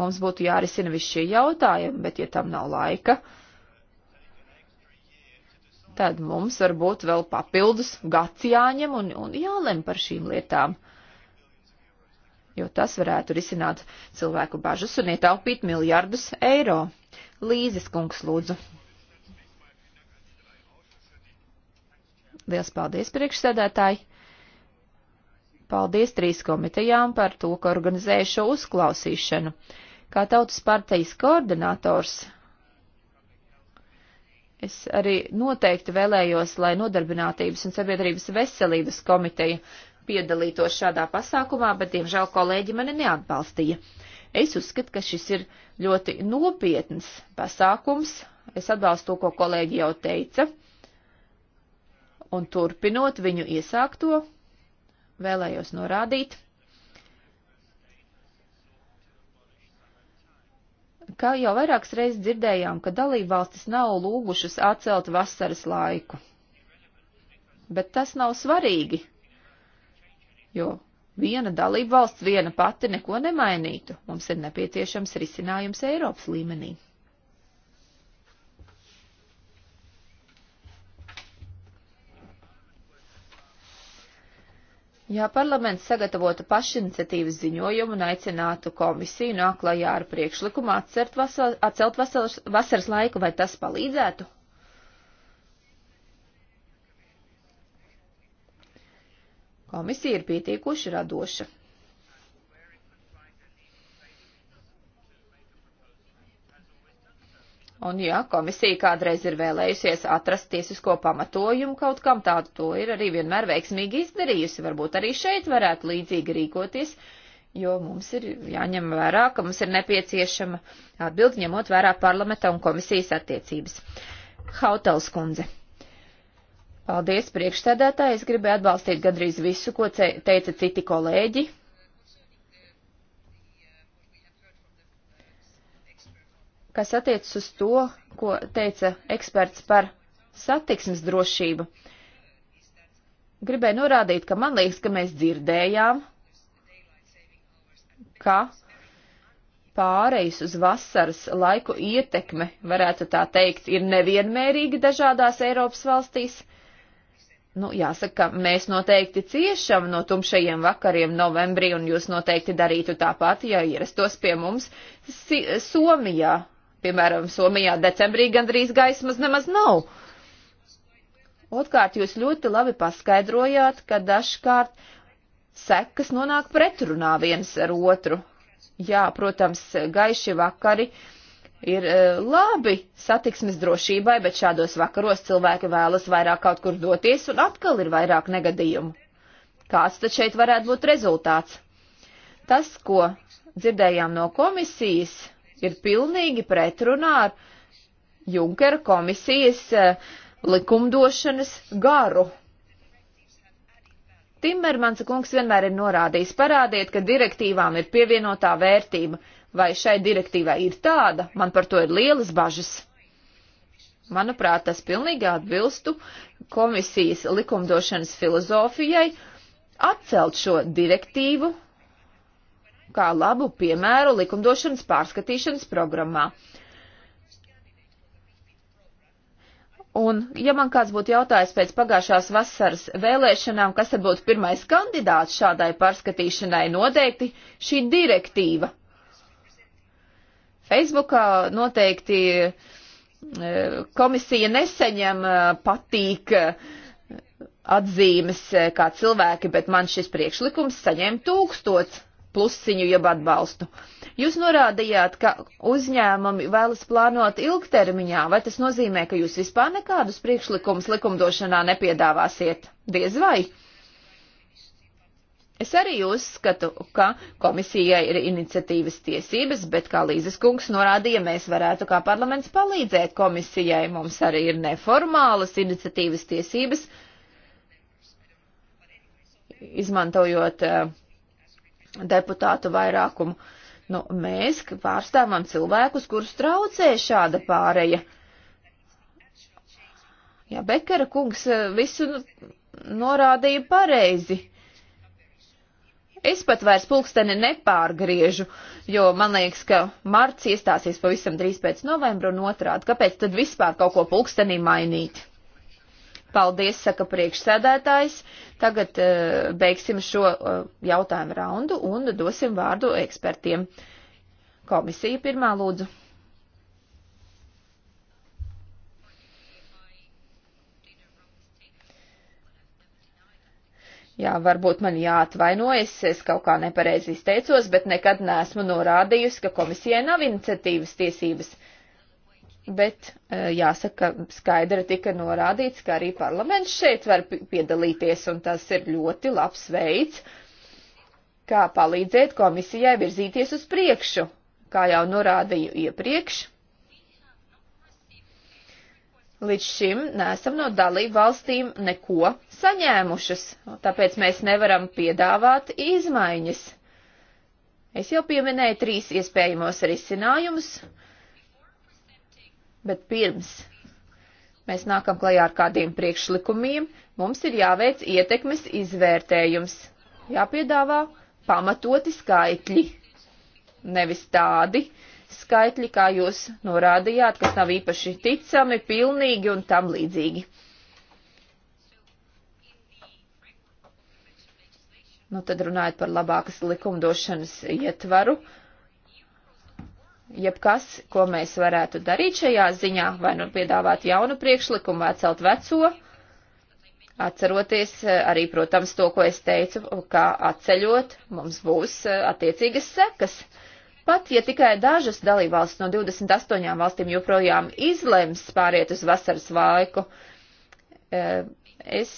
Mums būtu jārisina visi šie jautājumi, bet ja tam nav laika, tad mums varbūt vēl papildus gads jāņem un, un jālem par šīm lietām. Jo tas varētu risināt cilvēku bažas un ietaupīt miljardus eiro. Līzes kungs lūdzu. Liels paldies priekšsēdētāji! Paldies trīs komitejām par to, ka organizēju šo uzklausīšanu. Kā tautas partijas koordinators, es arī noteikti vēlējos, lai Nodarbinātības un sabiedrības veselības komiteja piedalītos šādā pasākumā, bet, diemžēl, kolēģi mani neatbalstīja. Es uzskatu, ka šis ir ļoti nopietns pasākums. Es atbalstu to, ko kolēģi jau teica. Un turpinot viņu iesākto, vēlējos norādīt, ka jau vairākas reizes dzirdējām, ka dalībvalstis nav lūgušas atcelt vasaras laiku. Bet tas nav svarīgi, jo viena dalībvalsts viena pati neko nemainītu. Mums ir nepieciešams risinājums Eiropas līmenī. Ja parlaments sagatavotu pašiniciatīvas ziņojumu un aicinātu komisiju nāklajā ar priekšlikumu atcelt, vasar, atcelt vasaras, vasaras laiku, vai tas palīdzētu? Komisija ir pietiekuši radoša. Un ja komisija kādreiz ir vēlējusies atrast tiesisko pamatojumu kaut kam tādu, to ir arī vienmēr veiksmīgi izdarījusi. Varbūt arī šeit varētu līdzīgi rīkoties, jo mums ir jāņem vērā, ka mums ir nepieciešama atbild ņemot vērā parlamenta un komisijas attiecības. Hautals kundze. Paldies, priekšsēdētāji. Es gribēju atbalstīt gandrīz visu, ko teica citi kolēģi. kas attiecas uz to, ko teica eksperts par satiksmes drošību, gribēju norādīt, ka man liekas, ka mēs dzirdējām, ka pārejas uz vasaras laiku ietekme, varētu tā teikt, ir nevienmērīga dažādās Eiropas valstīs. Nu, jāsaka, mēs noteikti ciešam no tumšajiem vakariem novembrī, un jūs noteikti darītu tāpat, ja ierastos pie mums si Somijā Piemēram, Somijā decembrī gandrīz gaismas nemaz nav. Otkārt, jūs ļoti labi paskaidrojāt, ka dažkārt sekas nonāk pretrunā viens ar otru. Jā, protams, gaiši vakari ir e, labi satiksmes drošībai, bet šādos vakaros cilvēki vēlas vairāk kaut kur doties un atkal ir vairāk negadījumu. Kāds tad šeit varētu būt rezultāts? Tas, ko dzirdējām no komisijas, ir pilnīgi pretrunā ar Junkera komisijas eh, likumdošanas garu. Timermans kungs vienmēr ir norādījis, parādiet, ka direktīvām ir pievienotā vērtība. Vai šai direktīvai ir tāda? Man par to ir lielas bažas. Manuprāt, tas pilnīgi atbilstu komisijas likumdošanas filozofijai atcelt šo direktīvu kā labu piemēru likumdošanas pārskatīšanas programmā. Un, ja man kāds būtu jautājis pēc pagājušās vasaras vēlēšanām, kas tad būtu pirmais kandidāts šādai pārskatīšanai, noteikti šī direktīva. Facebookā noteikti e, komisija neseņem e, patīk e, atzīmes kā cilvēki, bet man šis priekšlikums saņem tūkstots plusiņu jeb atbalstu. Jūs norādījāt, ka uzņēmumi vēlas plānot ilgtermiņā, vai tas nozīmē, ka jūs vispār nekādus priekšlikumus likumdošanā nepiedāvāsiet? Diez vai? Es arī uzskatu, ka komisijai ir iniciatīvas tiesības, bet, kā Līzes kungs norādīja, mēs varētu kā parlaments palīdzēt komisijai. Mums arī ir neformālas iniciatīvas tiesības, izmantojot uh, deputātu vairākumu. Nu, mēs pārstāvam cilvēkus, kurus traucē šāda pāreja. Jā, Bekara kungs eh, visu nu, norādīja pareizi. Es pat vairs pulksteni nepārgriežu, jo man liekas, ka marts iestāsies pavisam drīz pēc novembra un otrādi. Kāpēc tad vispār kaut ko pulkstenī mainīt? Paldies, saka priekšsēdētājs. Tagad uh, beigsim šo uh, jautājumu raundu un dosim vārdu ekspertiem. Komisija pirmā lūdzu. Jā, varbūt man jāatvainojas, es kaut kā nepareizi izteicos, bet nekad neesmu norādījusi, ka komisijai nav iniciatīvas tiesības. Uh, bet e, jāsaka, skaidri tika norādīts, ka arī parlaments šeit var piedalīties, un tas ir ļoti labs veids, kā palīdzēt komisijai virzīties uz priekšu, kā jau norādīju iepriekš. Līdz šim neesam no dalību valstīm neko saņēmušas, tāpēc mēs nevaram piedāvāt izmaiņas. Es jau pieminēju trīs iespējamos risinājumus. Uh, Bet pirms mēs nākam klajā ar kādiem priekšlikumiem, mums ir jāveic ietekmes izvērtējums. Jāpiedāvā pamatoti skaitļi, nevis tādi skaitļi, kā jūs norādījāt, kas nav īpaši ticami, pilnīgi un tam līdzīgi. Nu, tad runājot par labākas likumdošanas ietvaru, jebkas, ko mēs varētu darīt šajā ziņā, vai nu piedāvāt jaunu priekšlikumu, vai celt veco, atceroties eh, arī, protams, to, ko es teicu, kā atceļot, mums būs eh, attiecīgas sekas. Pat ja tikai dažas dalībvalstis no 28 valstīm joprojām izlems pāriet uz vasaras laiku, eh, es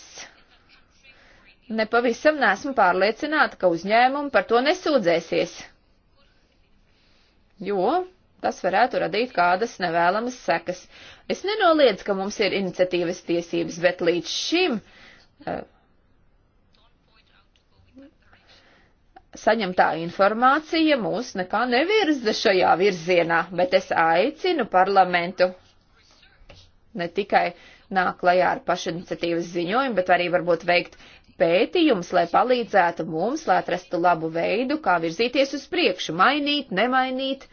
nepavisam nesmu pārliecināta, ka uzņēmumi par to nesūdzēsies jo tas varētu radīt kādas nevēlamas sekas. Es nenoliedzu, ka mums ir iniciatīvas tiesības, bet līdz šim uh, saņemtā informācija mūs nekā nevirza šajā virzienā, bet es aicinu parlamentu ne tikai nāk klajā ar pašiniciatīvas ziņojumu, bet arī varbūt veikt pētījums, lai palīdzētu mums, lai atrastu labu veidu, kā virzīties uz priekšu, mainīt, nemainīt,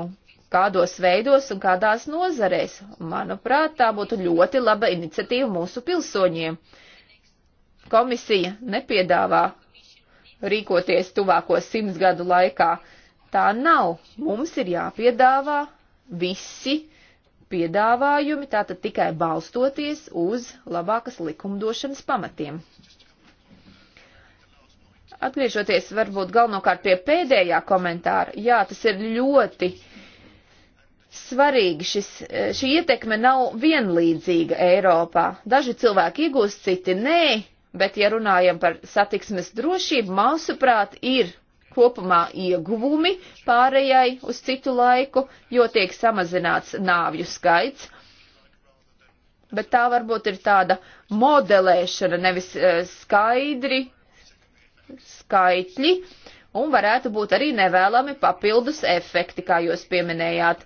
un kādos veidos un kādās nozarēs. Manuprāt, tā būtu ļoti laba iniciatīva mūsu pilsoņiem. Komisija nepiedāvā rīkoties tuvāko simts gadu laikā. Tā nav. Mums ir jāpiedāvā visi piedāvājumi, tātad tikai balstoties uz labākas likumdošanas pamatiem. Atgriežoties varbūt galvenokārt pie pēdējā komentāra, jā, tas ir ļoti svarīgi. Šis, šī ietekme nav vienlīdzīga Eiropā. Daži cilvēki iegūst, citi nē, bet ja runājam par satiksmes drošību, mausuprāt, ir kopumā ieguvumi pārējai uz citu laiku, jo tiek samazināts nāvju skaits. Bet tā varbūt ir tāda modelēšana, nevis e, skaidri skaitļi, un varētu būt arī nevēlami papildus efekti, kā jūs pieminējāt.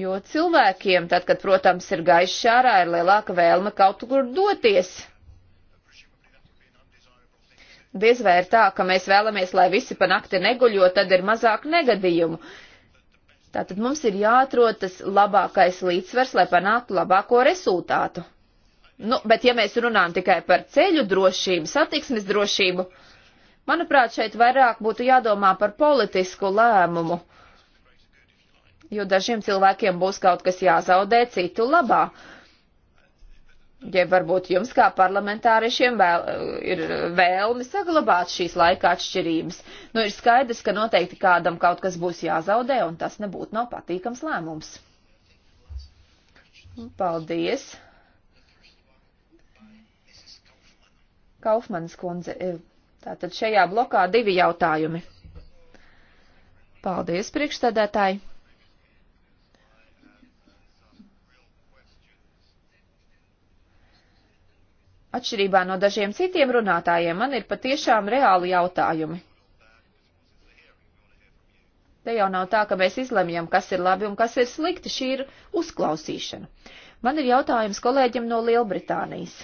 Jo cilvēkiem, tad, kad, protams, ir gaišs šārā, ir lielāka vēlme kaut kur doties. Diez vai ir tā, ka mēs vēlamies, lai visi pa nakti neguļo, tad ir mazāk negadījumu. Tātad mums ir jāatrod tas labākais līdzsvers, lai panāktu labāko rezultātu. Nu, bet ja mēs runājam tikai par ceļu drošību, satiksmes drošību, manuprāt, šeit vairāk būtu jādomā par politisku lēmumu, jo dažiem cilvēkiem būs kaut kas jāzaudē citu labā. Uh, ja varbūt jums kā parlamentāriešiem vēl, ir vēlmi saglabāt šīs laika atšķirības, nu ir skaidrs, ka noteikti kādam kaut kas būs jāzaudē, un tas nebūtu nav patīkams lēmums. Paldies. Kaufmanas kundze, eh, tātad šajā blokā divi jautājumi. Paldies, priekšstādētāji. Atšķirībā no dažiem citiem runātājiem, man ir patiešām reāli jautājumi. Te jau nav tā, ka mēs izlemjam, kas ir labi un kas ir slikti, šī ir uzklausīšana. Man ir jautājums kolēģim no Lielbritānijas.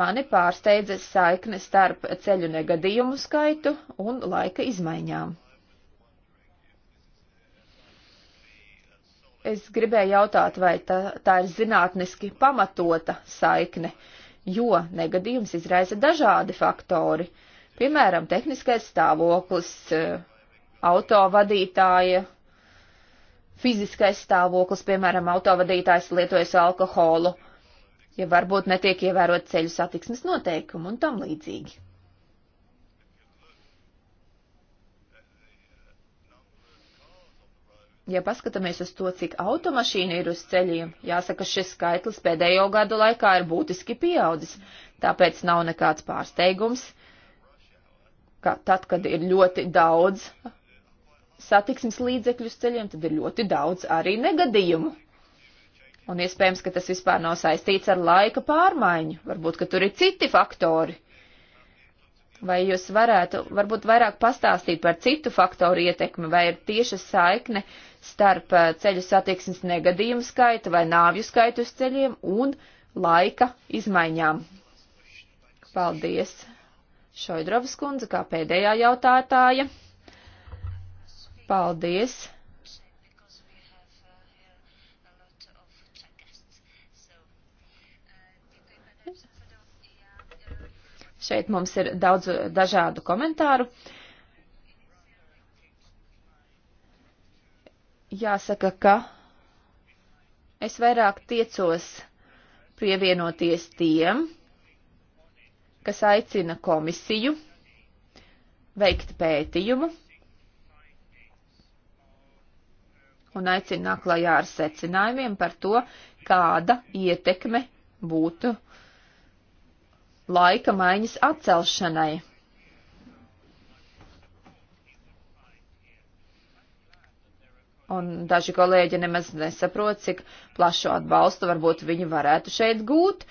Mani pārsteidza saikne starp ceļu negadījumu skaitu un laika izmaiņām. Es gribēju jautāt, vai tā, tā ir zinātniski pamatota saikne, jo negadījums izraisa dažādi faktori, piemēram, tehniskais stāvoklis, eh, autovadītāja, fiziskais stāvoklis, piemēram, autovadītājs lietojas alkoholu, ja varbūt netiek ievērot ceļu satiksmes noteikumu un tam līdzīgi. ja paskatāmies uz to, cik automašīnu ir uz ceļiem, jāsaka, šis skaitlis pēdējo gadu laikā ir būtiski pieaudzis, tāpēc nav nekāds pārsteigums, ka tad, kad ir ļoti daudz satiksmes līdzekļu uz ceļiem, tad ir ļoti daudz arī negadījumu. Un iespējams, ka tas vispār nav saistīts ar laika pārmaiņu, varbūt, ka tur ir citi faktori – Vai jūs varētu varbūt vairāk pastāstīt par citu faktoru ietekmi, vai ir tieša saikne starp eh, ceļu satiksmes negadījumu skaitu vai nāvju skaitu uz ceļiem un laika izmaiņām? Paldies! Šoidrovas kundze kā pēdējā jautātāja. Paldies! Šeit mums ir daudz dažādu komentāru. Jāsaka, ka es vairāk tiecos pievienoties tiem, kas aicina komisiju veikt pētījumu un aicina klajā ar secinājumiem par to, kāda ietekme būtu uh, laika maiņas atcelšanai. Un daži kolēģi nemaz nesaprot, cik plašu atbalstu varbūt viņi varētu šeit gūt.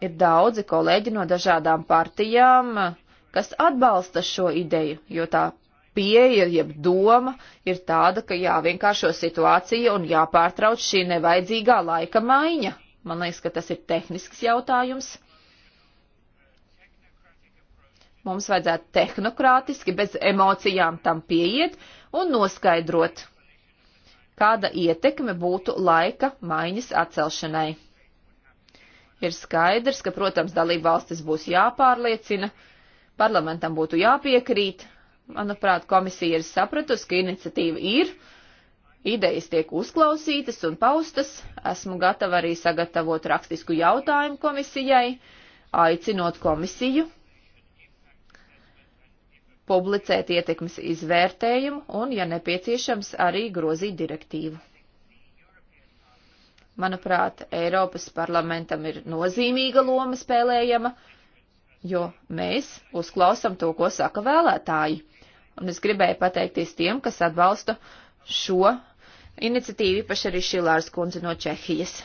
Ir daudzi kolēģi no dažādām partijām, kas atbalsta šo ideju, jo tā pieeja, jeb doma ir tāda, ka jāvienkāršo situācija un jāpārtrauc šī nevajadzīgā laika maiņa. Man liekas, ka tas ir tehnisks jautājums. Mums vajadzētu tehnokrātiski, bez emocijām tam pieiet un noskaidrot, kāda ietekme būtu laika maiņas atcelšanai. Ir skaidrs, ka, protams, dalība valstis būs jāpārliecina, parlamentam būtu jāpiekrīt. Manuprāt, komisija ir sapratusi, ka iniciatīva ir, idejas tiek uzklausītas un paustas. Esmu gatava arī sagatavot rakstisku jautājumu komisijai, aicinot komisiju publicēt ietekmes izvērtējumu un, ja nepieciešams, arī grozīt direktīvu. Manuprāt, Eiropas parlamentam ir nozīmīga loma spēlējama, jo mēs uzklausam to, ko saka vēlētāji. Un es gribēju pateikties tiem, kas atbalsta šo iniciatīvu, īpaši arī Šilārs kundze no Čehijas.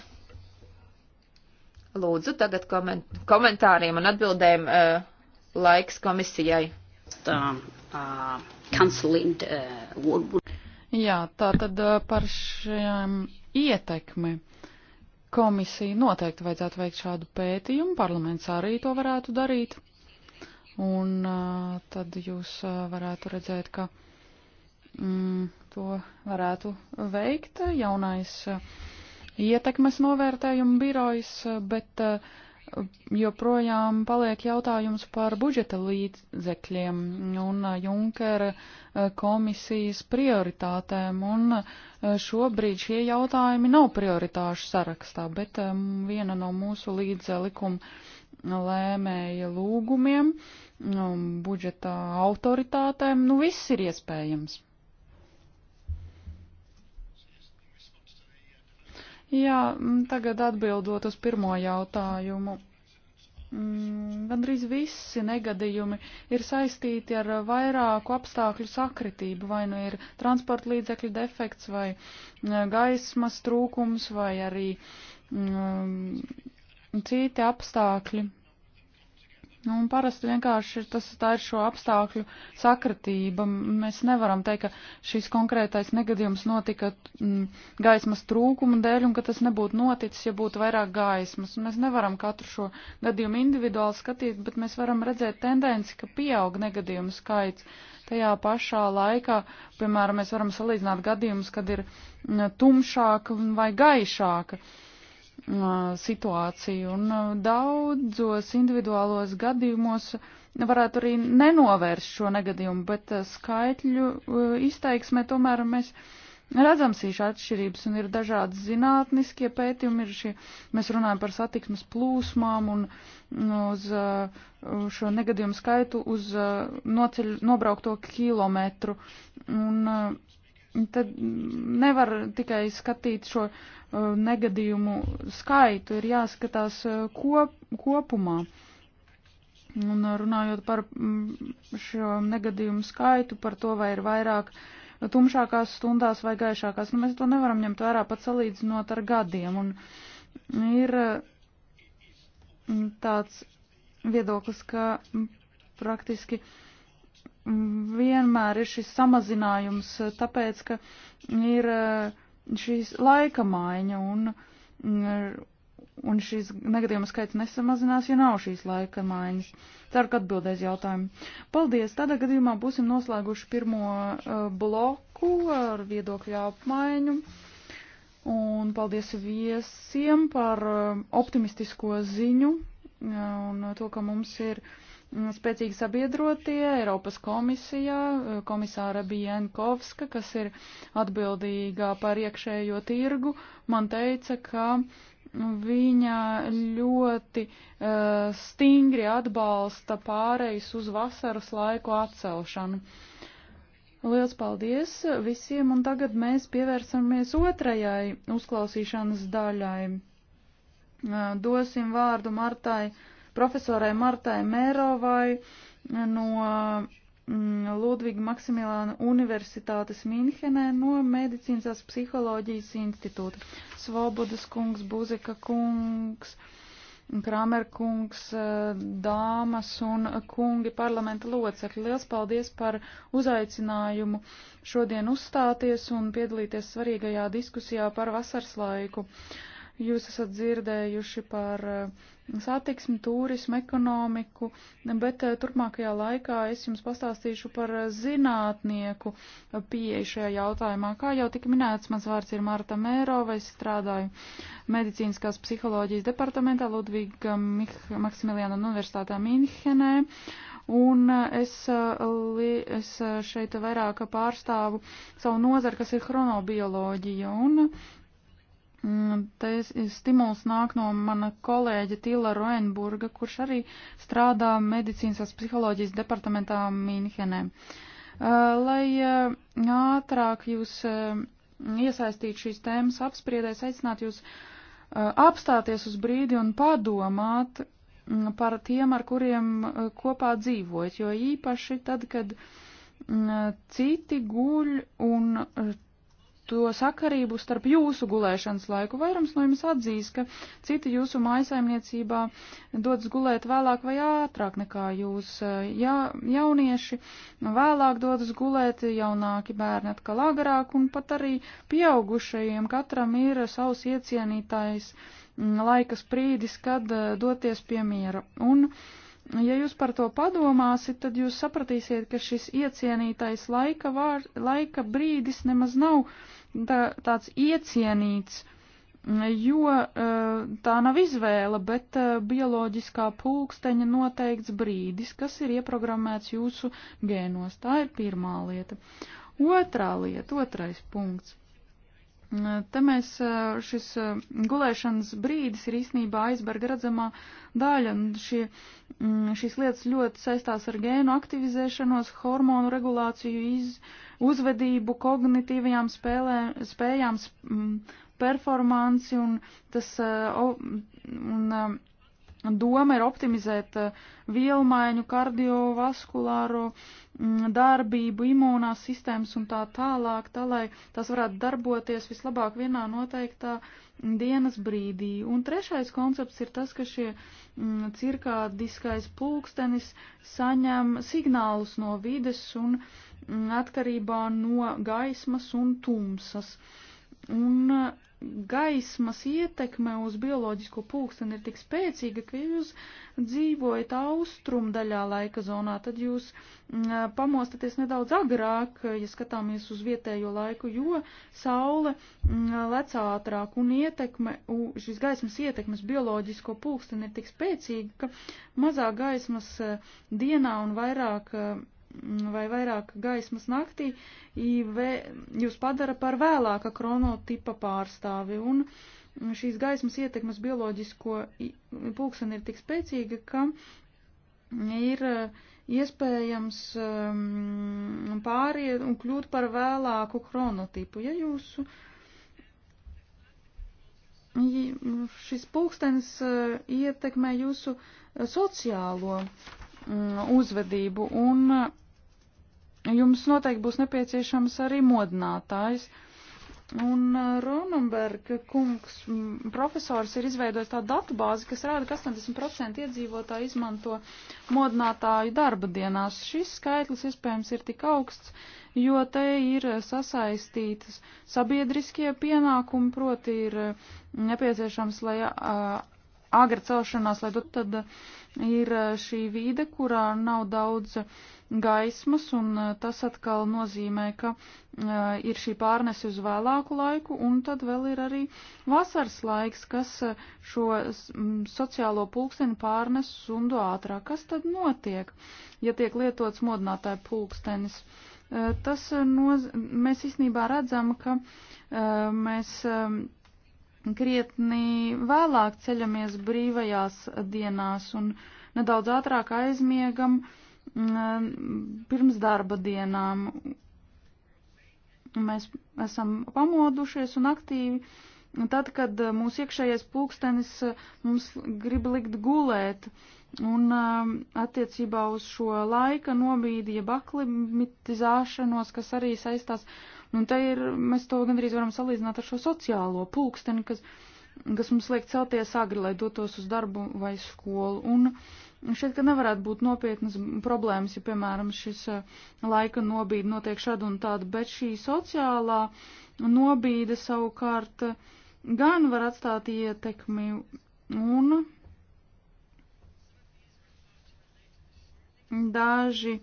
Lūdzu, tagad koment komentāriem un atbildēm uh, laiks komisijai just uh, uh, cancelling uh, what would. Jā, tā tad uh, par šiem ietekmi komisija noteikti vajadzētu veikt šādu pētījumu, parlaments arī to varētu darīt. Un uh, tad jūs uh, varētu redzēt, ka mm, to varētu veikt jaunais uh, ietekmes novērtējuma birojs, uh, bet uh, joprojām paliek jautājums par budžeta līdzekļiem un uh, Junkera uh, komisijas prioritātēm, un uh, šobrīd šie jautājumi nav prioritāšu sarakstā, bet um, viena no mūsu līdzlikuma lēmēja lūgumiem, um, budžeta autoritātēm, nu viss ir iespējams. Jā, mm, tagad atbildot uz pirmo jautājumu. Mm, gandrīz visi negadījumi ir saistīti ar vairāku apstākļu sakritību, vai nu ir transporta līdzekļu defekts, vai mm, gaismas trūkums, vai arī um, citi apstākļi. Nu, un parasti vienkārši ir tas, tā ir šo apstākļu sakratība. Mēs nevaram teikt, ka šis konkrētais negadījums notika mm, gaismas trūkuma dēļ un ka tas nebūtu noticis, ja būtu vairāk gaismas. Un mēs nevaram katru šo gadījumu individuāli skatīt, bet mēs varam redzēt tendenci, ka pieaug negadījumu skaits. Tajā pašā laikā, piemēram, mēs varam salīdzināt gadījumus, kad ir mm, tumšāka vai gaišāka. Uh, situāciju, un daudzos individuālos gadījumos varētu arī nenovērst šo negadījumu, bet skaitļu izteiksmē tomēr mēs redzam šīs atšķirības, un ir dažādi zinātniskie pētījumi, ir šie, mēs runājam par satiksmes plūsmām un uz šo negadījumu skaitu uz noceļu, nobraukto kilometru, un tad nevar tikai skatīt šo uh, negadījumu skaitu, ir jāskatās uh, kop, kopumā. Un runājot par mm, šo negadījumu skaitu, par to, vai ir vairāk tumšākās stundās vai gaišākās, nu, mēs to nevaram ņemt vērā pat salīdzinot ar gadiem. Un ir mm, tāds viedoklis, ka praktiski uh, vienmēr ir šis samazinājums, tāpēc, ka ir e, šīs laika maiņa un, mm, un šīs negadījuma skaits nesamazinās, ja nav šīs laika maiņas. Ceru, ka atbildēs jautājumu. Paldies! Tādā gadījumā būsim noslēguši pirmo e, bloku ar viedokļu apmaiņu. Un paldies viesiem par e, optimistisko ziņu un to, ka mums ir uh, Mm, spēcīgi sabiedrotie Eiropas komisijā, eh, komisāra Bienkovska, kas ir atbildīgā par iekšējo tirgu, man teica, ka viņa ļoti uh, stingri atbalsta pārejas uz vasaras laiku atcelšanu. Liels paldies visiem, un tagad mēs pievērsamies otrajai uzklausīšanas daļai. Uh, dosim vārdu Martai profesorai Martai Mērovai no mm, Ludviga Maksimilāna Universitātes Minhenē no Medicīnas psiholoģijas institūta. Svobodas kungs, Buzika kungs, Kramer kungs, eh, dāmas un kungi parlamenta locekļi. Liels paldies par uzaicinājumu šodien uzstāties un piedalīties svarīgajā diskusijā par vasaras laiku. Uh, Jūs esat dzirdējuši par eh, satiksmi, turismu, ekonomiku, bet eh, turpmākajā laikā es jums pastāstīšu par eh, zinātnieku pieeju šajā jautājumā. Kā jau tika minēts, mans vārds ir Marta Mērova, es strādāju medicīniskās psiholoģijas departamentā Ludviga Maksimiliana Universitātā Minhenē. Un es, es šeit vairāk pārstāvu savu nozaru, kas ir chronobioloģija. Un Mm, te stimuls nāk no mana kolēģa Tila Roenburga, kurš arī strādā medicīnas psiholoģijas departamentā Mīnhenē. Uh, lai uh, ātrāk jūs uh, iesaistītu šīs tēmas apspriedēs, aicinātu jūs apstāties uz brīdi un padomāt mm, par tiem, ar kuriem kopā dzīvojat, jo īpaši tad, kad mm, citi guļ un to sakarību starp jūsu gulēšanas laiku. Vairums no jums atzīst, ka citi jūsu mājasaimniecībā dodas gulēt vēlāk vai ātrāk nekā jūs. Eh, ja, jaunieši vēlāk dodas gulēt, jaunāki bērni atkal agrāk un pat arī pieaugušajiem katram ir savs iecienītājs mm, laika sprīdis, kad eh, doties pie miera. Un, ja jūs par to padomāsiet, tad jūs sapratīsiet, ka šis iecienītais laika, vār, laika brīdis nemaz nav tā, tāds iecienīts, jo e, tā nav izvēle, bet e, bioloģiskā pulksteņa noteikts brīdis, kas ir ieprogrammēts jūsu gēnos. Tā ir pirmā lieta. Otrā lieta, otrais punkts. Te mēs šis gulēšanas brīdis ir īstenībā aizberga redzamā daļa, un šie, mm, šīs lietas ļoti saistās ar gēnu aktivizēšanos, hormonu regulāciju, iz, uzvedību, kognitīvajām spēlē, spējām, mm, performansi, un tas, un, un doma ir optimizēt eh, vielmaiņu, kardiovaskulāro mm, darbību, imunās sistēmas un tā tālāk, tā lai tas varētu darboties vislabāk vienā noteiktā dienas brīdī. Un trešais koncepts ir tas, ka šie mm, cirkādiskais pulkstenis saņem signālus no vides un mm, atkarībā no gaismas un tumsas. Un gaismas ietekme uz bioloģisko pulksteni ir tik spēcīga, ka jūs dzīvojat austrumdaļā laika zonā, tad jūs mm, pamostaties nedaudz agrāk, ja skatāmies uz vietējo laiku, jo saule mm, lec ātrāk un ietekme, šis gaismas ietekmes bioloģisko pulksteni ir tik spēcīga, ka mazā gaismas eh, dienā un vairāk eh, vai vairāk gaismas naktī, jūs padara par vēlāka kronotipa pārstāvi. Un šīs gaismas ietekmes bioloģisko pulkseni ir tik spēcīga, ka ir e, iespējams e, pāriet un kļūt par vēlāku kronotipu. Ja jūsu šis pulkstenis e, ietekmē jūsu sociālo uzvedību un jums noteikti būs nepieciešams arī modinātājs. Un uh, Ronenberga kungs, profesors, ir izveidojis tādu datubāzi, kas rāda, ka 80% iedzīvotāji izmanto modinātāju darba dienās. Šis skaitlis iespējams ir tik augsts, jo te ir sasaistītas sabiedriskie pienākumi, proti ir uh, nepieciešams, lai uh, agra celšanās, lai tad ir šī vīde, kurā nav daudz gaismas, un uh, tas atkal nozīmē, ka uh, ir šī pārnese uz vēlāku laiku, un tad vēl ir arī vasaras laiks, kas uh, šo sociālo pulksteni pārnes sundu ātrāk. Kas tad notiek, ja tiek lietots modinātāja pulkstenis? Tas noz... mēs īstenībā redzam, ka mēs um, krietni vēlāk ceļamies brīvajās dienās un nedaudz ātrāk aizmiegam uh, Mm, pirms darba dienām. Mēs esam pamodušies un aktīvi. Tad, kad uh, mūsu iekšējais pulkstenis uh, mums grib likt gulēt, un um, attiecībā uz šo laika nobīdi, jeb aklimatizāšanos, kas arī saistās, un nu, te ir, mēs to gandrīz varam salīdzināt ar šo sociālo pulksteni, kas, kas mums liek celties agri, lai dotos uz darbu vai skolu. Un, Šķiet, ka nevarētu būt nopietnas problēmas, ja, piemēram, šis eh, laika nobīde notiek šādu un tādu, bet šī sociālā nobīde savukārt eh, gan var atstāt ietekmi un daži.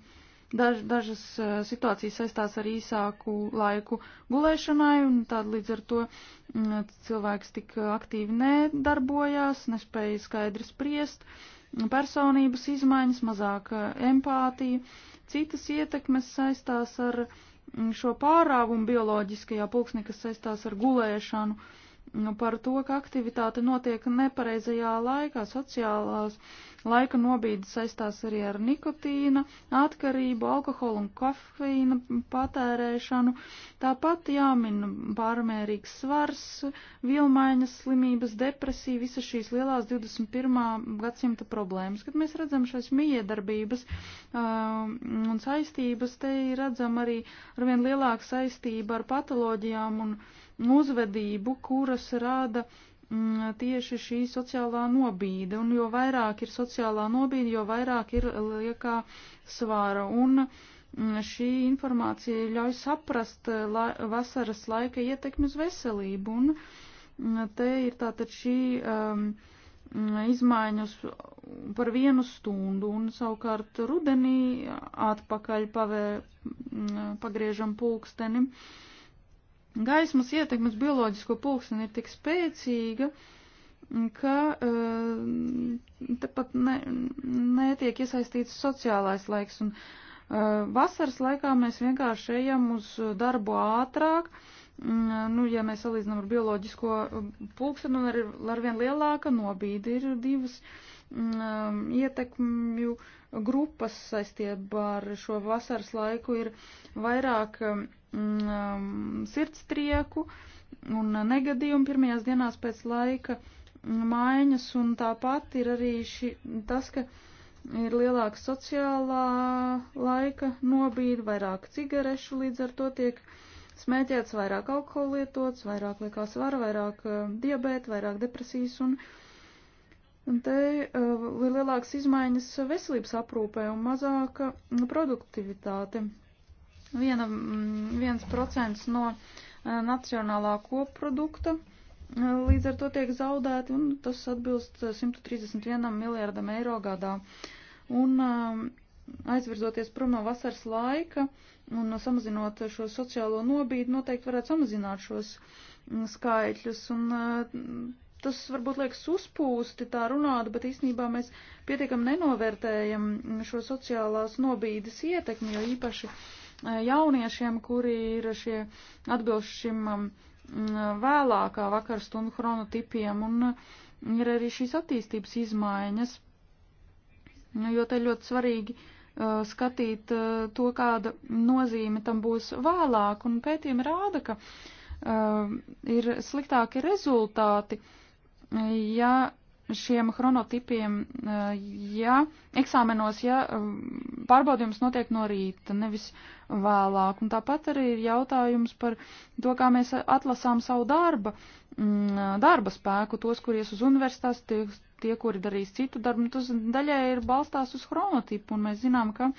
Daž, dažas eh, situācijas saistās ar īsāku laiku gulēšanai, un tād līdz ar to mm, cilvēks tik aktīvi nedarbojās, nespēja skaidri spriest, uh, personības izmaiņas, mazāk eh, empātija. Citas ietekmes saistās ar mm, šo pārāvumu bioloģiskajā pulksnī, kas saistās ar gulēšanu Nu, par to, ka aktivitāte notiek nepareizajā laikā, sociālās laika nobīdes saistās arī ar nikotīna, atkarību, alkoholu un kofeīna patērēšanu. Tāpat jāmin pārmērīgs svars, vilmaiņas slimības, depresija, visas šīs lielās 21. gadsimta problēmas. Kad mēs redzam šais miedarbības um, un saistības, te redzam arī arvien lielāka saistība ar patoloģijām un uh, uzvedību, kuras rāda mm, tieši šī sociālā nobīde. Un jo vairāk ir sociālā nobīde, jo vairāk ir liekā svāra. Un mm, šī informācija ļauj saprast la, vasaras laika ietekmi uz veselību. Un mm, te ir tātad šī. Um, mm, izmaiņas par vienu stundu, un savukārt rudenī atpakaļ pavē, mm, pagriežam pulkstenim. Uh, gaismas ietekmes bioloģisko pulksteni ir tik spēcīga, ka eh, tepat ne, netiek iesaistīts sociālais laiks. Un eh, vasaras laikā mēs vienkārši ejam uz darbu ātrāk. Mm, nu, ja mēs salīdzinām ar bioloģisko eh, pulksteni, un ar, ar vien lielāka nobīde ir divas um, ietekmju grupas saistībā ar šo vasaras laiku ir vairāk um, Mm, um, sirdstrieku un negadījumu pirmajās dienās pēc laika maiņas, un tāpat ir arī ši, tas, ka ir lielāka sociālā laika nobīde, vairāk cigarešu līdz ar to tiek smēķēts, vairāk alkohola lietots, vairāk liekas var, vairāk uh, diabēta, vairāk depresijas un. Un te uh, ir lielākas izmaiņas veselības aprūpē un mazāka produktivitāte viena, mm, viens procents no eh, nacionālā koprodukta. Eh, līdz ar to tiek zaudēti, un tas atbilst 131 eh, miljardam eiro gadā. Un aizvirzoties prom no vasaras laika un samazinot šo sociālo nobīdi, noteikti varētu samazināt šos mm, skaitļus. Un, Tas varbūt liekas uzpūsti tā runāt, bet īstenībā mēs pietiekam nenovērtējam šo sociālās nobīdes ietekmi, jo īpaši uh, E, jauniešiem, kuri ir šie atbilst šim vēlākā vakarstundu chronotipiem, un ir arī šīs attīstības izmaiņas, jo te ļoti svarīgi e, skatīt e, to, kāda nozīme tam būs vēlāk, un pētījumi rāda, ka ir sliktāki rezultāti, ja šiem chronotipiem, e, ja eksāmenos, ja e, pārbaudījums notiek no rīta, nevis vēlāk. Un tāpat arī ir jautājums par to, kā mēs atlasām savu darba, mm, darba spēku, tos, kur ies uz universitātes, tie, tie, kuri darīs citu darbu. Tas daļai ir balstās uz chronotipu, un mēs zinām, ka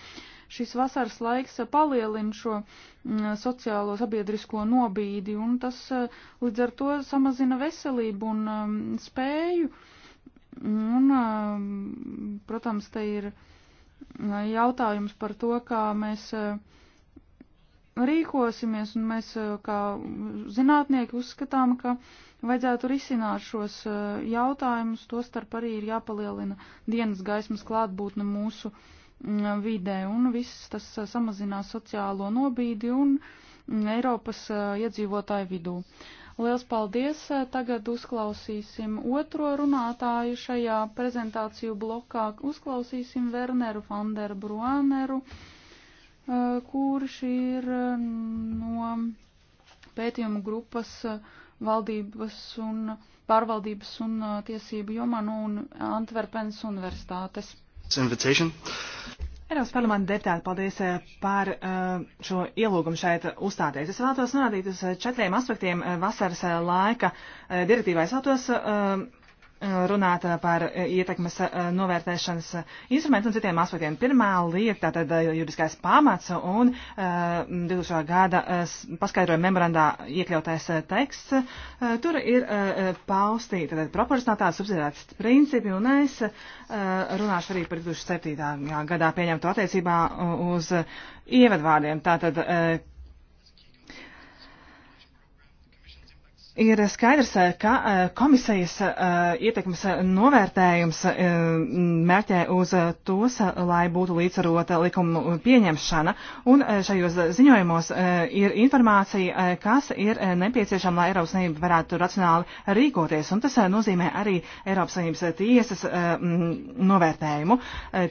šis vasaras laiks palielina šo mm, sociālo sabiedrisko nobīdi, un tas e, līdz ar to samazina veselību un mm, spēju uh, Un, um, protams, te ir uh, jautājums par to, kā mēs uh, rīkosimies, un mēs uh, kā zinātnieki uzskatām, ka vajadzētu risināt šos jautājumus, to starp arī ir jāpalielina dienas gaismas klātbūtne mūsu mm, vidē, un viss tas samazinās sociālo nobīdi un mm, Eiropas iedzīvotāju vidū. Uh, Liels paldies! Tagad uzklausīsim otro runātāju šajā prezentāciju blokā. Uzklausīsim Werneru Fanderbruaneru, kurš ir no pētījumu grupas valdības un pārvaldības un tiesību jomā no nu, Antverpenes universitātes. Invitation. Eiropas parlamenta deputāti, paldies eh, par eh, šo ielūgumu šeit uzstāties. Es vēlētos norādīt uz eh, četriem aspektiem vasaras laika direktīvā. Es vēlētos runāt eh, par eh, ietekmes eh, novērtēšanas instrumentu un citiem aspektiem. Pirmā lieta, tātad juridiskais pamats un 2000. gada paskaidrojuma memorandā iekļautais teksts. Tur ir pausti tātad proporcionātās subsidētas principi un es runāšu arī par 2007. gadā pieņemto attiecībā uz ievadvārdiem. Tātad Ir skaidrs, eh, ka eh, komisijas eh, ietekmes novērtējums mērķē uz tos, lai būtu līdzsvarota likumu pieņemšana, un šajos ziņojumos ir informācija, kas ir nepieciešama, lai Eiropas Savienība varētu racionāli rīkoties, un tas nozīmē arī Eiropas Savienības tiesas novērtējumu.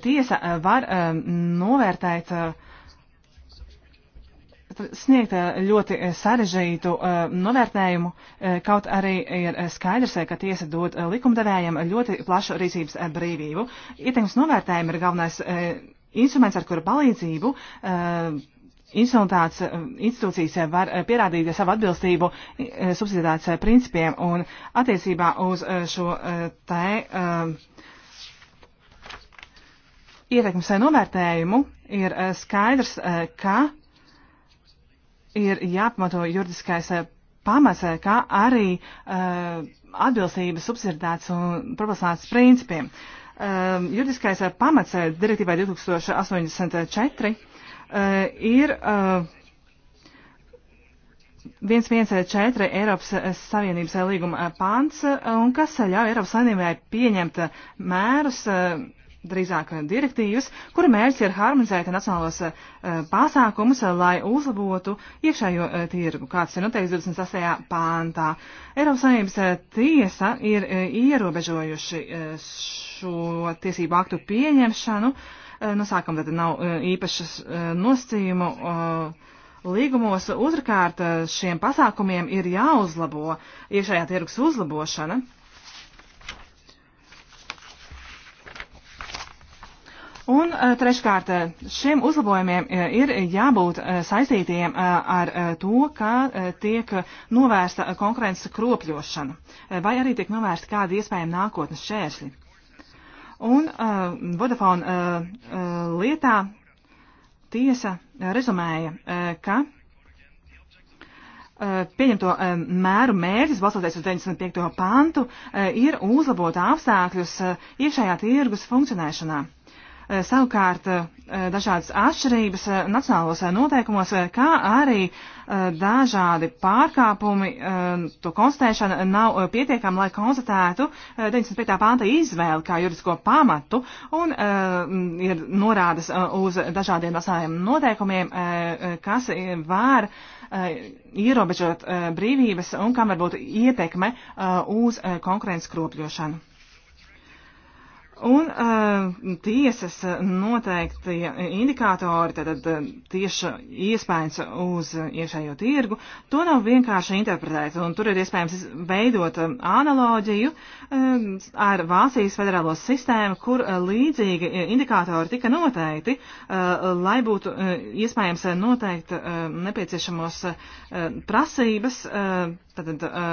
Tiesa var novērtēt sniegt eh, ļoti eh, sarežģītu eh, novērtējumu, kaut arī ir skaidrs, ka tiesa dod likumdevējiem ļoti plašu rīcības brīvību. Ietekmes novērtējumi ir galvenais instruments, ar kuru palīdzību insultāts institūcijas var pierādīt savu atbilstību subsidētāts principiem un attiecībā uz šo te ietekmes novērtējumu ir skaidrs, ka ir jāpamato juridiskais eh, pamats, eh, kā arī uh, atbilstības subsidētas un proporcionātas principiem. Uh, juridiskais pamats direktīvai 2084 uh, ir 114 Eiropas Savienības līguma pants, un kas ļauj Eiropas Savienībai pieņemt mērus drīzāk direktīvas, kura mērķis ir harmonizēt nacionālos eh, pasākumus, eh, lai uzlabotu iekšējo eh, tirgu, kāds ir noteikts 28. pāntā. Eiropas Savienības tiesa ir ierobežojuši šo tiesību aktu pieņemšanu. No sākuma tad nav īpašas nosacījumu līgumos. Otrkārt, šiem pasākumiem ir jāuzlabo iekšējā tirgus uzlabošana Un eh, treškārt, eh, šiem uzlabojumiem eh, ir jābūt saistītiem ar to, kā tiek novērsta konkurences kropļošana vai arī tiek novērsta kādi iespējami nākotnes šķēršļi. Un uh, Vodafone uh, uh, lietā tiesa rezumēja, uh, ka pieņemto mēru mērķis, balstoties uz 95. pantu, ir uzlabot apstākļus iekšējā tirgus funkcionēšanā savukārt eh, dažādas atšķirības eh, nacionālos eh, noteikumos, kā arī dažādi pārkāpumi, to konstatēšana nav pietiekama, lai konstatētu 95. panta izvēli kā juridisko pamatu un ir norādes uz dažādiem nacionālajiem noteikumiem, kas var ierobežot brīvības un kam var būt ietekme uz konkurences kropļošanu. Un uh, tiesas noteikti indikātori, tātad eh, tieši iespējams uz iekšējo tirgu, to nav vienkārši interpretēt. Un tur ir iespējams veidot eh, analoģiju uh, ar Vācijas federālo sistēmu, kur uh, līdzīgi indikātori tika noteikti, uh, lai būtu uh, iespējams noteikt uh, nepieciešamos uh, prasības, uh, tātad uh,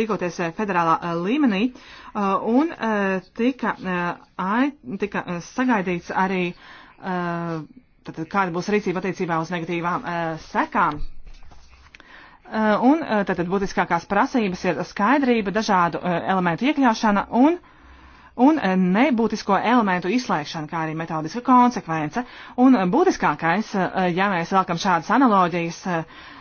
rīkoties federālā uh, līmenī. Uh, Uh, un uh, tika, uh, ai, tika sagaidīts arī, tad, kāda būs rīcība attiecībā uz negatīvām sekām. Un tātad būtiskākās prasības ir skaidrība, dažādu elementu iekļaušana un un nebūtisko elementu izslēgšana, kā arī metodiska konsekvence. Un būtiskākais, ja mēs vēlkam šādas analoģijas,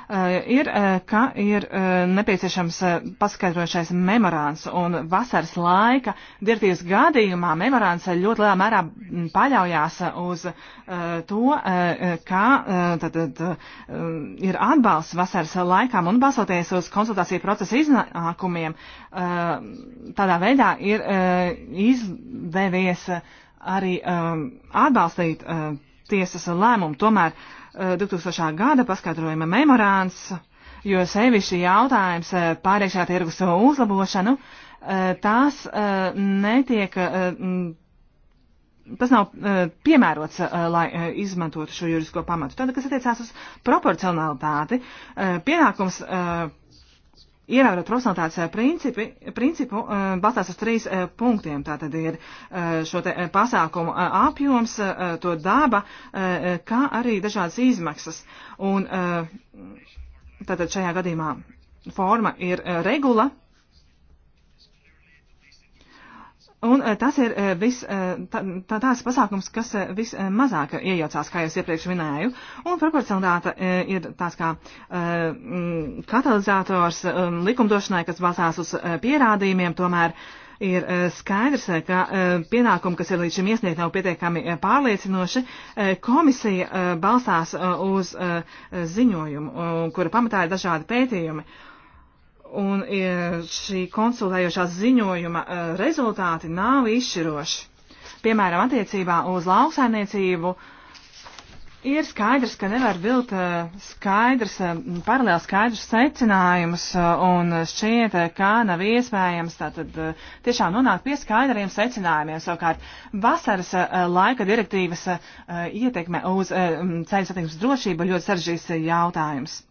Eh, ir, eh, ka ir eh, nepieciešams paskaidrošais memorāns, un vasaras laika direktīvas gadījumā memorāns ļoti lielā mērā mm, paļaujās uz to, kā tad, tad, ir atbalsts vasaras laikām, un balsoties uz konsultāciju procesa iznākumiem, tādā veidā ir izdevies arī atbalstīt tiesas lēmumu. Tomēr uh, 2000. Eh, gada paskaidrojuma memorāns, jo sevišķi jautājums eh, par iekšā tirgus uzlabošanu, eh, tās netiek, tas nav piemērots, lai izmantotu šo juridisko pamatu. Tad, kas attiecās uz proporcionalitāti, pienākums ievērot procentāciju eh, principi, principu, eh, balstās uz trīs eh, punktiem. Tātad ir šo te pasākumu apjoms, to daba, kā arī dažādas izmaksas. Un tātad šajā gadījumā forma ir regula, Un eh, tas ir eh, vis, eh, tā, tāds pasākums, kas vismazāk iejaucās, kā jau es iepriekš minēju. Un proporcionālitāte ir tās kā katalizators likumdošanai, kas balstās uz pierādījumiem, tomēr ir skaidrs, ka pienākumi, kas ir līdz šim iesniegti, nav pietiekami pārliecinoši. Komisija balstās uz ziņojumu, kura pamatā ir dažādi pētījumi un e, šī konsultējošā ziņojuma e, rezultāti nav izšķiroši. Piemēram, attiecībā uz lauksaimniecību ir skaidrs, ka nevar vilkt e, skaidrs, paralēli skaidrs secinājumus, un šķiet, ka nav iespējams tātad tiešām nonākt pie skaidriem secinājumiem. Savukārt, vasaras laika direktīvas ietekme uz ceļu satiksmes drošību ļoti saržģīs jautājums.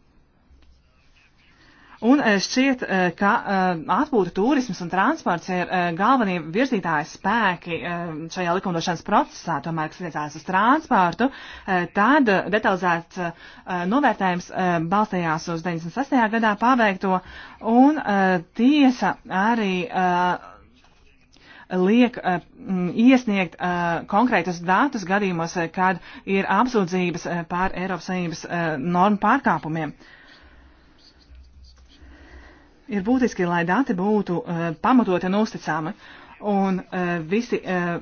Un eh, šķiet, eh, ka eh, atpūta turismas un transports ir galvenie virzītāji spēki šajā likumdošanas procesā, tomēr, kas attiecās uz transportu, tad detalizēts novērtējums balstījās uz 96. gadā paveikto, un tiesa arī liek iesniegt konkrētus datus gadījumos, kad ir apsūdzības par Eiropas Savienības normu pārkāpumiem. Ir būtiski, lai dati būtu uh, pamatoti un uzticami. Un uh, visi, uh,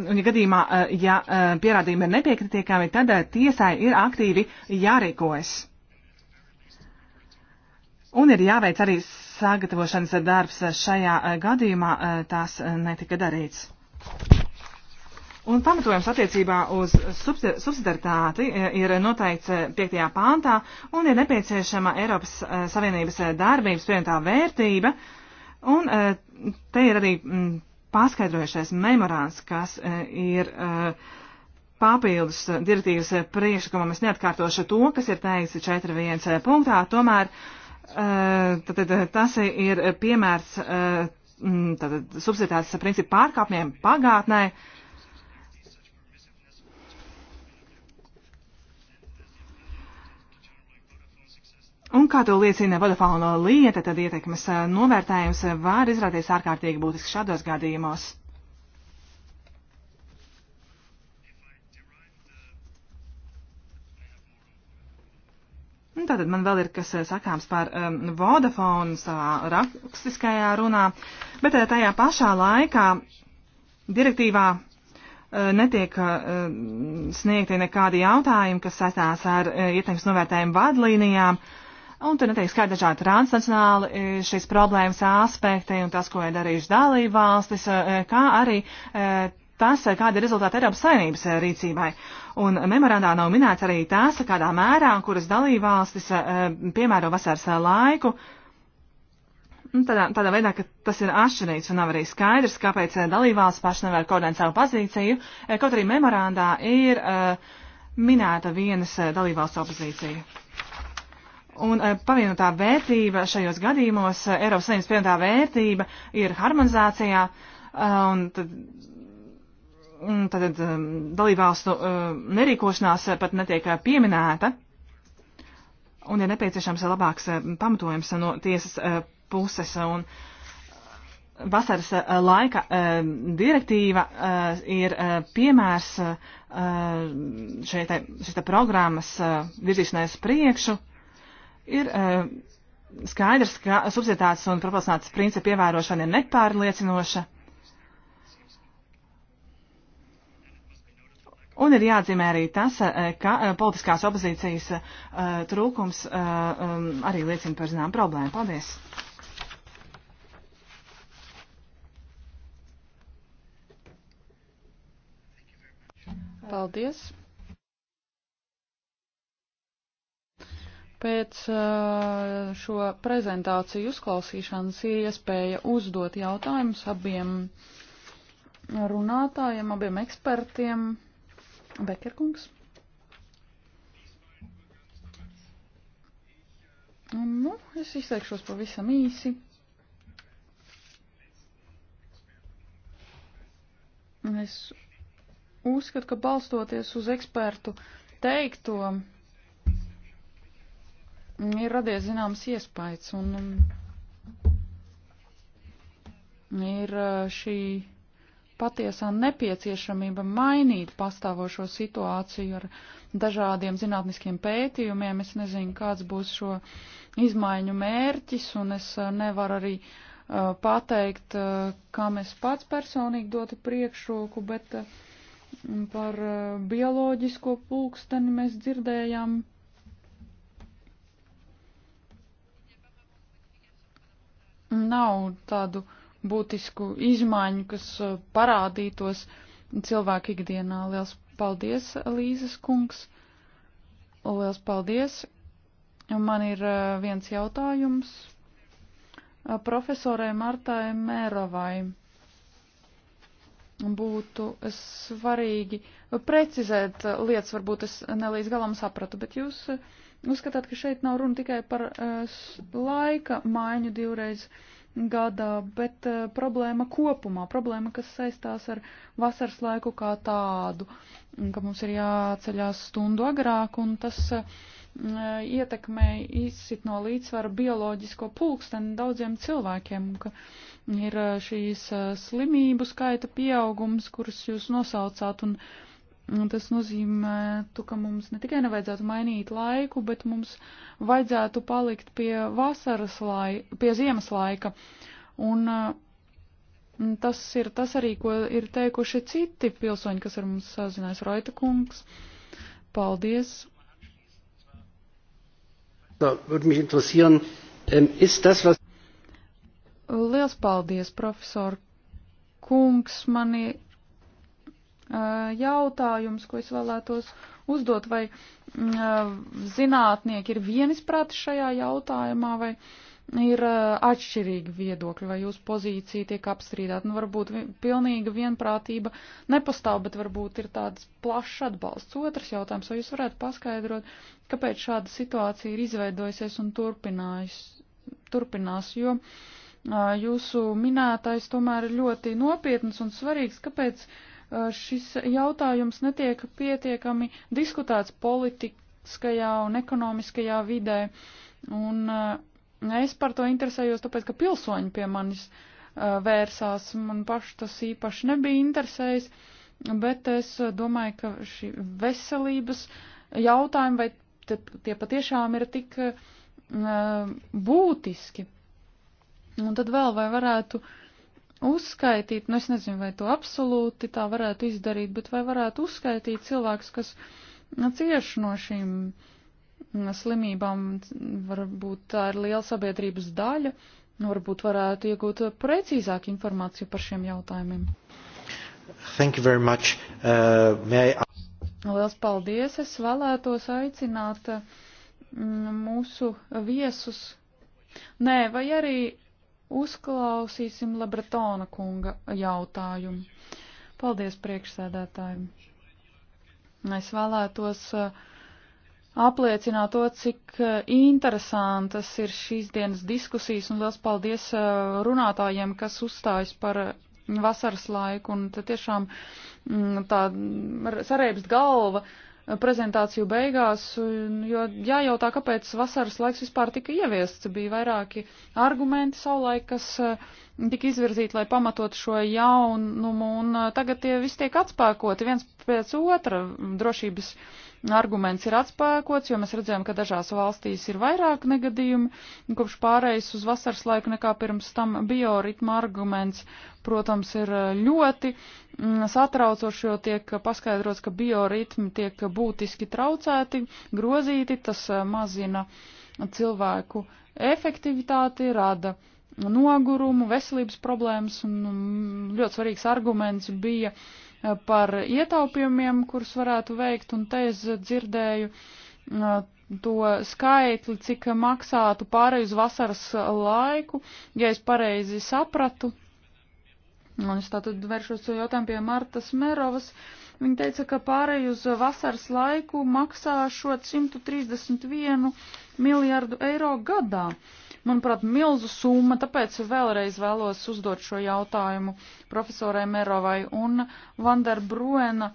un ja gadījumā, uh, ja uh, pierādījumi ir nepiekritīkami, tad uh, tiesai ir aktīvi jārīkojas. Un ir jāveic arī sagatavošanas darbs šajā gadījumā, tās netika darīts. Un pamatojums attiecībā uz subsidaritāti e, ir noteikts 5. E, pāntā un ir nepieciešama Eiropas e, Savienības darbības pievienotā vērtība. Un te ir arī paskaidrojušais memorāns, kas ir papildus direktīvas priekšlikumam. Es neatkārtošu to, kas ir teikts 4.1. punktā, tomēr tad, tas ir piemērs subsidētās principu pārkāpumiem pagātnē. Un kā to liecina Vodafāno lieta, tad ietekmes eh, novērtējums eh, var izrādīties ārkārtīgi būtisks šādos gadījumos. Un tātad man vēl ir kas eh, sakāms par um, ehm, Vodafonu savā rakstiskajā runā, bet tajā pašā laikā direktīvā netiek sniegti nekādi jautājumi, kas saistās ar ietekmes novērtējumu vadlīnijām. Uh, Un tur netiek skaidri dažādi transnacionāli e, šīs problēmas aspekti un tas, ko ir darījuši dalību valstis, e, kā arī e, tas, kāda ir rezultāta Eiropas Savienības rīcībai. Un memorandā nav minēts arī tas, kādā mērā, kuras dalībvalstis piemēro vasaras laiku. Tādā, tādā veidā, ka tas ir atšķirīgs un nav arī skaidrs, kāpēc dalībvalsts paši nevar koordinēt savu pozīciju, kaut arī memorandā ir uh, minēta vienas dalībvalsts opozīcija. Un eh, pievienotā vērtība šajos gadījumos, eh, Eiropas Savienības pievienotā vērtība ir harmonizācijā, eh, un tad, un tad dalībvalstu nerīkošanās pat netiek pieminēta, un ir nepieciešams labāks pamatojums no tiesas puses. Un, vasaras laika direktīva ir piemērs šeit, šeit programmas virzīšanai uz priekšu. Ir e, skaidrs, ka subsidētās un proporcionātas principu ievērošana ir nepārliecinoša. Un ir jāatzīmē arī tas, e, ka e, politiskās opozīcijas uh, trūkums uh, um, arī liecina par zinām problēmu. Paldies! Paldies! Pēc šo prezentāciju uzklausīšanas ir iespēja uzdot jautājumus abiem runātājiem, abiem ekspertiem. Bekerkungs. Nu, es izteikšos pavisam īsi. Es uzskatu, ka balstoties uz ekspertu teikto, ir radies zināms iespējas un um, ir uh, šī patiesā nepieciešamība mainīt pastāvošo situāciju ar dažādiem zinātniskiem pētījumiem. Es nezinu, kāds būs šo izmaiņu mērķis, un es uh, nevaru arī uh, pateikt, uh, kam es pats personīgi dotu priekšroku, bet uh, par uh, bioloģisko pulksteni mēs dzirdējām nav tādu būtisku izmaiņu, kas uh, parādītos cilvēku ikdienā. Liels paldies, Līzes kungs! Liels paldies! Man ir uh, viens jautājums uh, profesorai Martai Mērovai. Būtu svarīgi precizēt lietas, varbūt es nelīdz galam sapratu, bet jūs uh, uzskatāt, ka šeit nav runa tikai par eh, laika maiņu divreiz gadā, bet eh, problēma kopumā, problēma, kas saistās ar vasaras laiku kā tādu, ka mums ir jāceļās stundu agrāk un tas eh, ietekmē izsit no līdzsvara bioloģisko pulksteni daudziem cilvēkiem, ka ir šīs slimību skaita pieaugums, kurus jūs nosaucāt, un Tas nozīmē, tu, ka mums ne tikai nevajadzētu mainīt laiku, bet mums vajadzētu palikt pie vasaras laika, pie ziemas laika. Uh, un tas ir tas arī, ko ir teikuši citi pilsoņi, kas ar mums sazinājis Roita kungs. Paldies! Da, würde mich interessieren, ähm, ist das, was... Liels paldies, profesor kungs, mani jautājums, ko es vēlētos uzdot, vai mm, zinātnieki ir vienisprāti šajā jautājumā, vai ir atšķirīgi viedokļi, vai jūsu pozīcija tiek apstrīdēta. Nu, varbūt pilnīga vienprātība nepastāv, bet varbūt ir tāds plašs atbalsts. Otrs jautājums, vai jūs varētu paskaidrot, kāpēc šāda situācija ir izveidojusies un turpinās, jo jūsu minētais tomēr ir ļoti nopietns un svarīgs, kāpēc uh, Eh, šis jautājums netiek pietiekami diskutēts politiskajā un ekonomiskajā vidē. Un eh, es par to interesējos, tāpēc, ka pilsoņi pie manis eh, vērsās, man paši tas īpaši nebija interesējis, bet es domāju, ka šī veselības jautājumi, vai te, tie patiešām ir tik būtiski. Un tad vēl vai varētu uh, uzskaitīt, nu es nezinu, vai to absolūti tā varētu izdarīt, bet vai varētu uzskaitīt cilvēks, kas nu, cieš no šīm mm, slimībām, varbūt tā ir liela sabiedrības daļa, nu, varbūt varētu iegūt precīzāku informāciju par šiem jautājumiem. Thank you very much. Uh, may I... Liels paldies! Es vēlētos aicināt mm, mūsu viesus. Nē, vai arī Uzklausīsim Lebretona kunga jautājumu. Paldies priekšsēdētājiem. Es vēlētos uh, apliecināt to, cik uh, interesantas ir šīs dienas diskusijas, un liels paldies uh, runātājiem, kas uzstājas par vasaras laiku, un tiešām mm, tā mm, sarēbst galva. Uh, prezentāciju beigās, jo jājautā, kāpēc vasaras laiks vispār tika ieviests. Bija vairāki argumenti savulaik, kas eh, tika izvirzīti, lai pamatot šo jaunumu, un eh, tagad tie visi tiek atspēkoti viens pēc otra drošības arguments ir atspēkots, jo mēs redzējām, ka dažās valstīs ir vairāk negadījumi kopš pārējais uz vasaras laiku nekā pirms tam bioritma arguments, protams, ir eh, ļoti mm, satraucoši, jo tiek paskaidrots, ka bioritmi tiek būtiski traucēti, grozīti, tas eh, mazina cilvēku efektivitāti, rada nogurumu, veselības problēmas, un mm, ļoti svarīgs arguments bija uh, par ietaupījumiem, kurus varētu veikt, un te es dzirdēju uh, to skaitli, cik maksātu pārējus vasaras laiku, ja es pareizi sapratu. Un es tātad vēršos jautājumu pie Martas Merovas. Uh, Viņa teica, ka pārēj uz vasaras laiku maksā šo 131 miljardu eiro gadā. Manuprāt, milzu summa, tāpēc vēlreiz vēlos uzdot šo jautājumu profesorai Merovai un Vander Bruena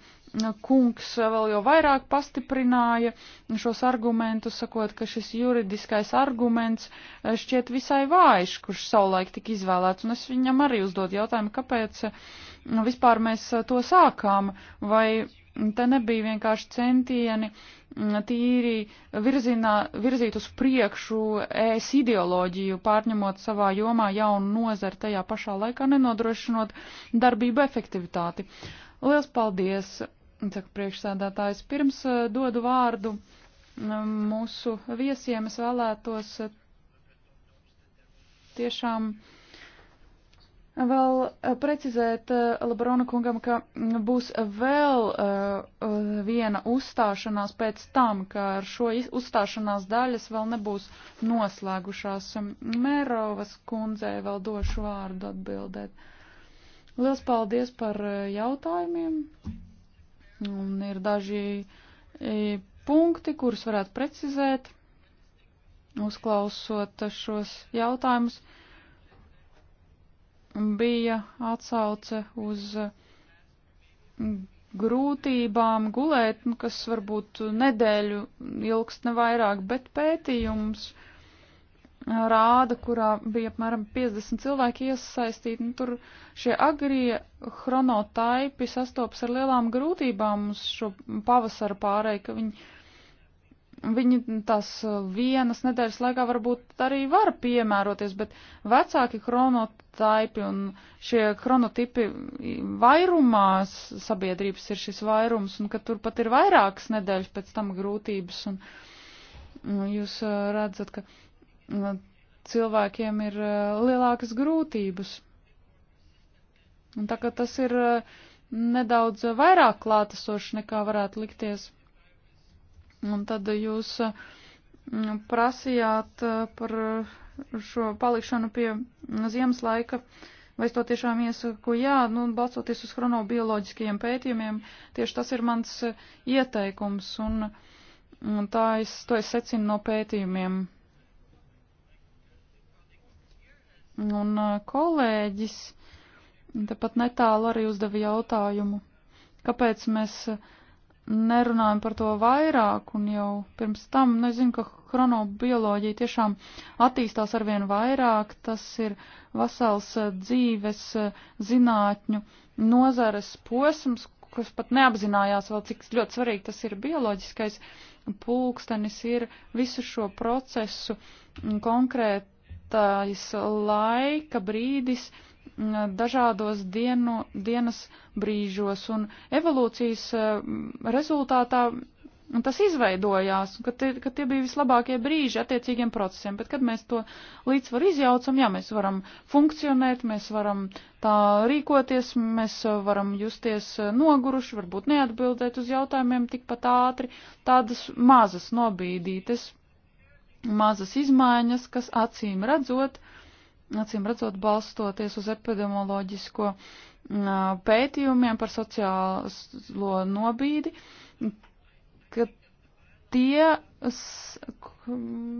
kungs vēl jau vairāk pastiprināja šos argumentus, sakot, ka šis juridiskais arguments eh, šķiet visai vājš, kurš savulaik tika izvēlēts, un es viņam arī uzdod jautājumu, kāpēc nu, vispār mēs eh, to sākām, vai te nebija vienkārši centieni mm, tīri virzinā, virzīt uz priekšu ēs ideoloģiju, pārņemot savā jomā jaunu nozari, tajā pašā laikā nenodrošinot darbību efektivitāti. Liels paldies! Saka priekšsēdētājs, pirms eh, dodu vārdu mm, mūsu viesiem, es vēlētos eh, tiešām vēl eh, precizēt Lebrona kungam, ka mm, būs vēl viena uzstāšanās pēc tam, ka ar šo uzstāšanās daļas vēl nebūs noslēgušās. Mērovas kundzei vēl došu vārdu atbildēt. Liels paldies par jautājumiem! Un ir daži e, punkti, kurus varētu precizēt, uzklausot šos jautājumus. Bija atsauce uz grūtībām gulēt, nu, kas varbūt nedēļu ilgst nevairāk, bet pētījums uh, rāda, kurā bija apmēram 50 cilvēki iesaistīti. Nu, tur šie agrie chronotaipi sastopas ar lielām grūtībām uz šo pavasara pārēju, ka viņi, viņi tās vienas nedēļas laikā varbūt arī var piemēroties, bet vecāki chronotaipi un šie chronotipi vairumā sabiedrības ir šis vairums, un ka tur pat ir vairākas nedēļas pēc tam grūtības. Un, Jūs eh, redzat, ka cilvēkiem ir eh, lielākas grūtības. Un tā kā tas ir eh, nedaudz vairāk klātesoši nekā varētu likties. Un tad jūs mm, prasījāt eh, par šo palikšanu pie ziemas laika. Vai es to tiešām iesaku? Jā, nu, balsoties uz chronobioloģiskajiem pētījumiem, tieši tas ir mans ieteikums, un, un tā es, to es secinu no pētījumiem. Un uh, kolēģis tepat netālu arī uzdeva jautājumu, kāpēc mēs uh, nerunājam par to vairāk, un jau pirms tam, nu, es zinu, ka chronobioloģija tiešām attīstās arvien vairāk, tas ir vesels uh, dzīves zinātņu nozares posms, kas pat neapzinājās vēl, cik ļoti svarīgi tas ir bioloģiskais pulkstenis, ir visu šo procesu konkrēt īstais laika brīdis dažādos dienu, dienas brīžos, un evolūcijas rezultātā Un tas izveidojās, ka tie, ka tie bija vislabākie brīži attiecīgiem procesiem, bet kad mēs to līdzsvaru izjaucam, jā, mēs varam funkcionēt, mēs varam tā rīkoties, mēs varam justies noguruši, varbūt neatbildēt uz jautājumiem tikpat ātri, tādas mazas nobīdītes mazas izmaiņas, kas acīm redzot, acīm redzot balstoties uz epidemioloģisko mm, pētījumiem par sociālo nobīdi, ka tie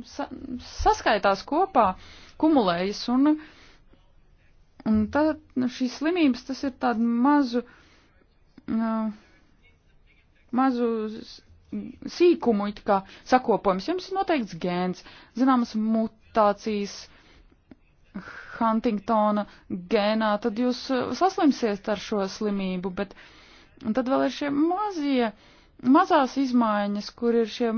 sa saskaitās kopā, kumulējas un, un tad šīs slimības tas ir tādu mazu, mazu sīkumu it kā sakopojums. Jums ir noteikts gēns, zināmas mutācijas Huntingtona gēnā, tad jūs uh, saslimsiet ar šo slimību, bet tad vēl ir šie mazie, mazās izmaiņas, kur ir šie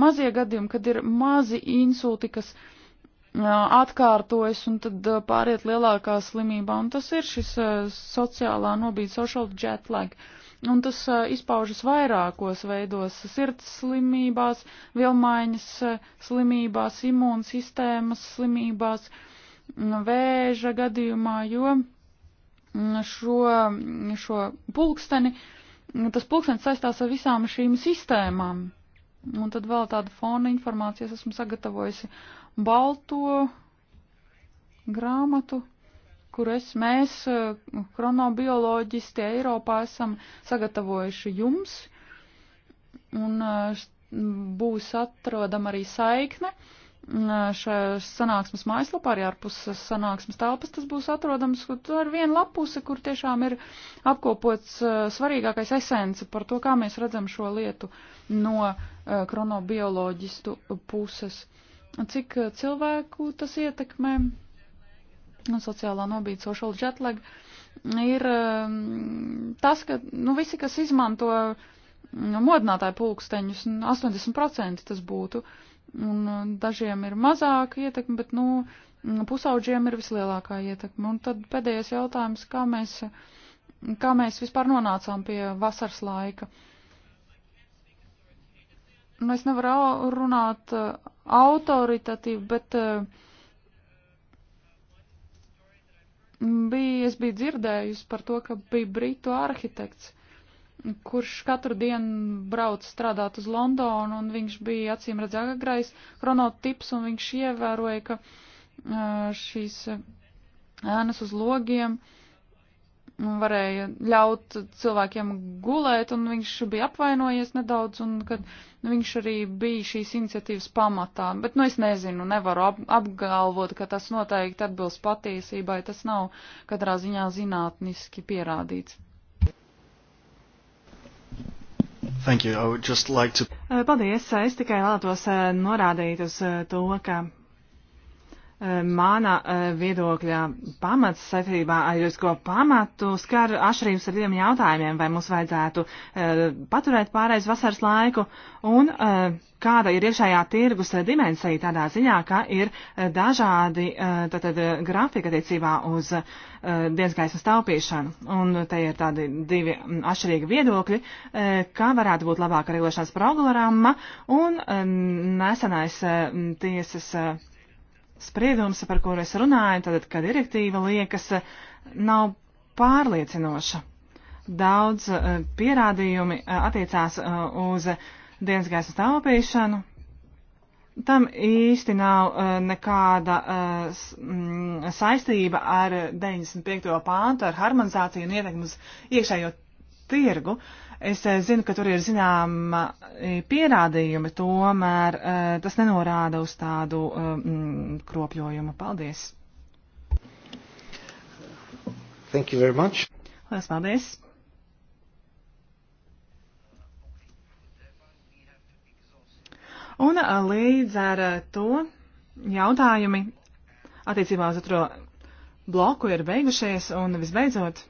mazie gadījumi, kad ir mazi insulti, kas uh, atkārtojas un tad uh, pāriet lielākā slimībā, un tas ir šis sociālā nobīde, social jet lag. -like un tas izpaužas vairākos veidos - sirds slimībās, vielmaiņas slimībās, imūnsistēmas slimībās, vēža gadījumā, jo šo, šo pulksteni, tas pulkstenis saistās ar visām šīm sistēmām. Un tad vēl tāda fona informācijas esmu sagatavojusi balto grāmatu kuras mēs, kronobioloģisti eh, Eiropā, esam sagatavojuši jums. Un eh, būs atrodama arī saikne eh, šajā sanāksmes mājaslapā, arī ārpus sanāksmes telpas tas būs atrodams, kur tur ir viena lapuse, kur tiešām ir apkopots svarīgākais esence par to, kā mēs redzam šo lietu no kronobioloģistu puses. Cik cilvēku tas ietekmē? sociālā nobīdzošo jetlag ir um, tas, ka nu, visi, kas izmanto mm, modinātāju pulksteņus, 80% nu, tas būtu, un uh, dažiem ir mazāka ietekme, bet nu, mm, pusauģiem ir vislielākā ietekme. Un tad pēdējais jautājums, kā mēs, kā mēs vispār nonācām pie vasaras laika. Nu, es nevaru runāt uh, autoritatīvi, bet uh, bija, es biju dzirdējusi par to, ka bija britu arhitekts, kurš katru dienu brauc strādāt uz Londonu, un viņš bija acīm redzēt agrais chronotips, un viņš ievēroja, ka šīs ēnas uz logiem uh, Nu, varēja ļaut cilvēkiem gulēt, un viņš bija apvainojies nedaudz, un kad viņš arī bija šīs iniciatīvas pamatā. Bet, nu, es nezinu, nevaru ap apgalvot, ka tas noteikti atbilst patiesībai, tas nav katrā ziņā zinātniski pierādīts. Thank you. I would just like to... Paldies. Es tikai vēlētos eh, norādīt uz eh, to, ka Mana eh, viedokļa pamats saistībā ar juridisko pamatu skar atšķirības ar diviem jautājumiem, vai mums vajadzētu eh, paturēt pārējais vasaras laiku un eh, kāda ir iekšējā tirgus dimensija tādā ziņā, ka ir dažādi tātad, grafika attiecībā uz dienas gaismas taupīšanu. Un te ir tādi divi mm, atšķirīgi viedokļi, kā varētu būt labāka regulēšanas programma un nesenais tiesas spriedums, par kuru es runāju, tad, kad direktīva liekas, nav pārliecinoša. Daudz eh, pierādījumi eh, attiecās eh, uz dienas gaisa taupīšanu. Tam īsti nav nekāda mm, saistība ar 95. pāntu, ar harmonizāciju un ietekmi uz iekšējo tirgu. Uh, Es eh, zinu, ka tur ir zināma eh, pierādījumi, tomēr eh, tas nenorāda uz tādu mm, kropļojumu. Paldies! Thank you very much. Lielas paldies! Un līdz ar to jautājumi attiecībā uz otro bloku ir beigušies un visbeidzot.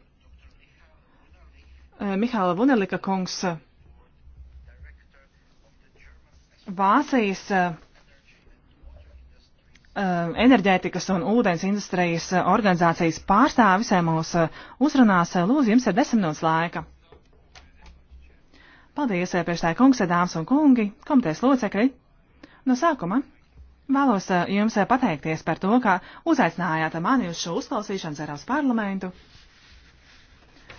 Eh, Mihāla Vunelika kungs, eh, Vācijas eh, enerģētikas un ūdens industrijas organizācijas pārstāvis mūs uzrunās. Lūdzu, jums ir desmit minūtes laika. Paldies, priekšstāja kungs, dāmas un kungi, komitejas locekļi. No sākuma vēlos jums pateikties par to, ka uzaicinājāt mani uz šo uzklausīšanu Eiropas parlamentu.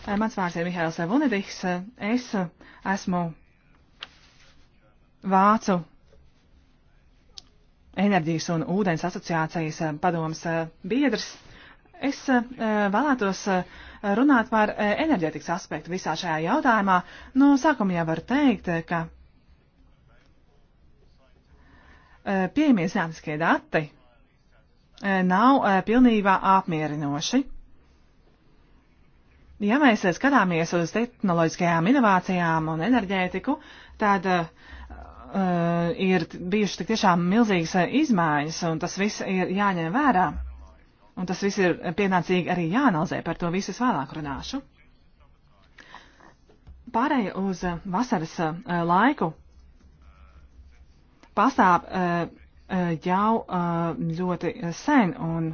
Eh, mans vārds ir Mihāls Vunedihs. Es esmu Vācu enerģijas un ūdens asociācijas eh, padomas eh, biedrs. Es vēlētos runāt par enerģētikas aspektu visā šajā jautājumā. No sākuma jau var teikt, ka pieejamie zinātniskie dati nav pilnībā apmierinoši. Ja mēs skatāmies uz tehnoloģiskajām inovācijām un enerģētiku, tad uh, uh ir bijušas tik tiešām milzīgas uh, izmaiņas, un tas viss ir jāņem vērā. Un tas viss ir pienācīgi arī jāanalizē, par to visu es vēlāk runāšu. Pārēj uz uh, vasaras uh, laiku pastāv uh, jau uh, ļoti sen, un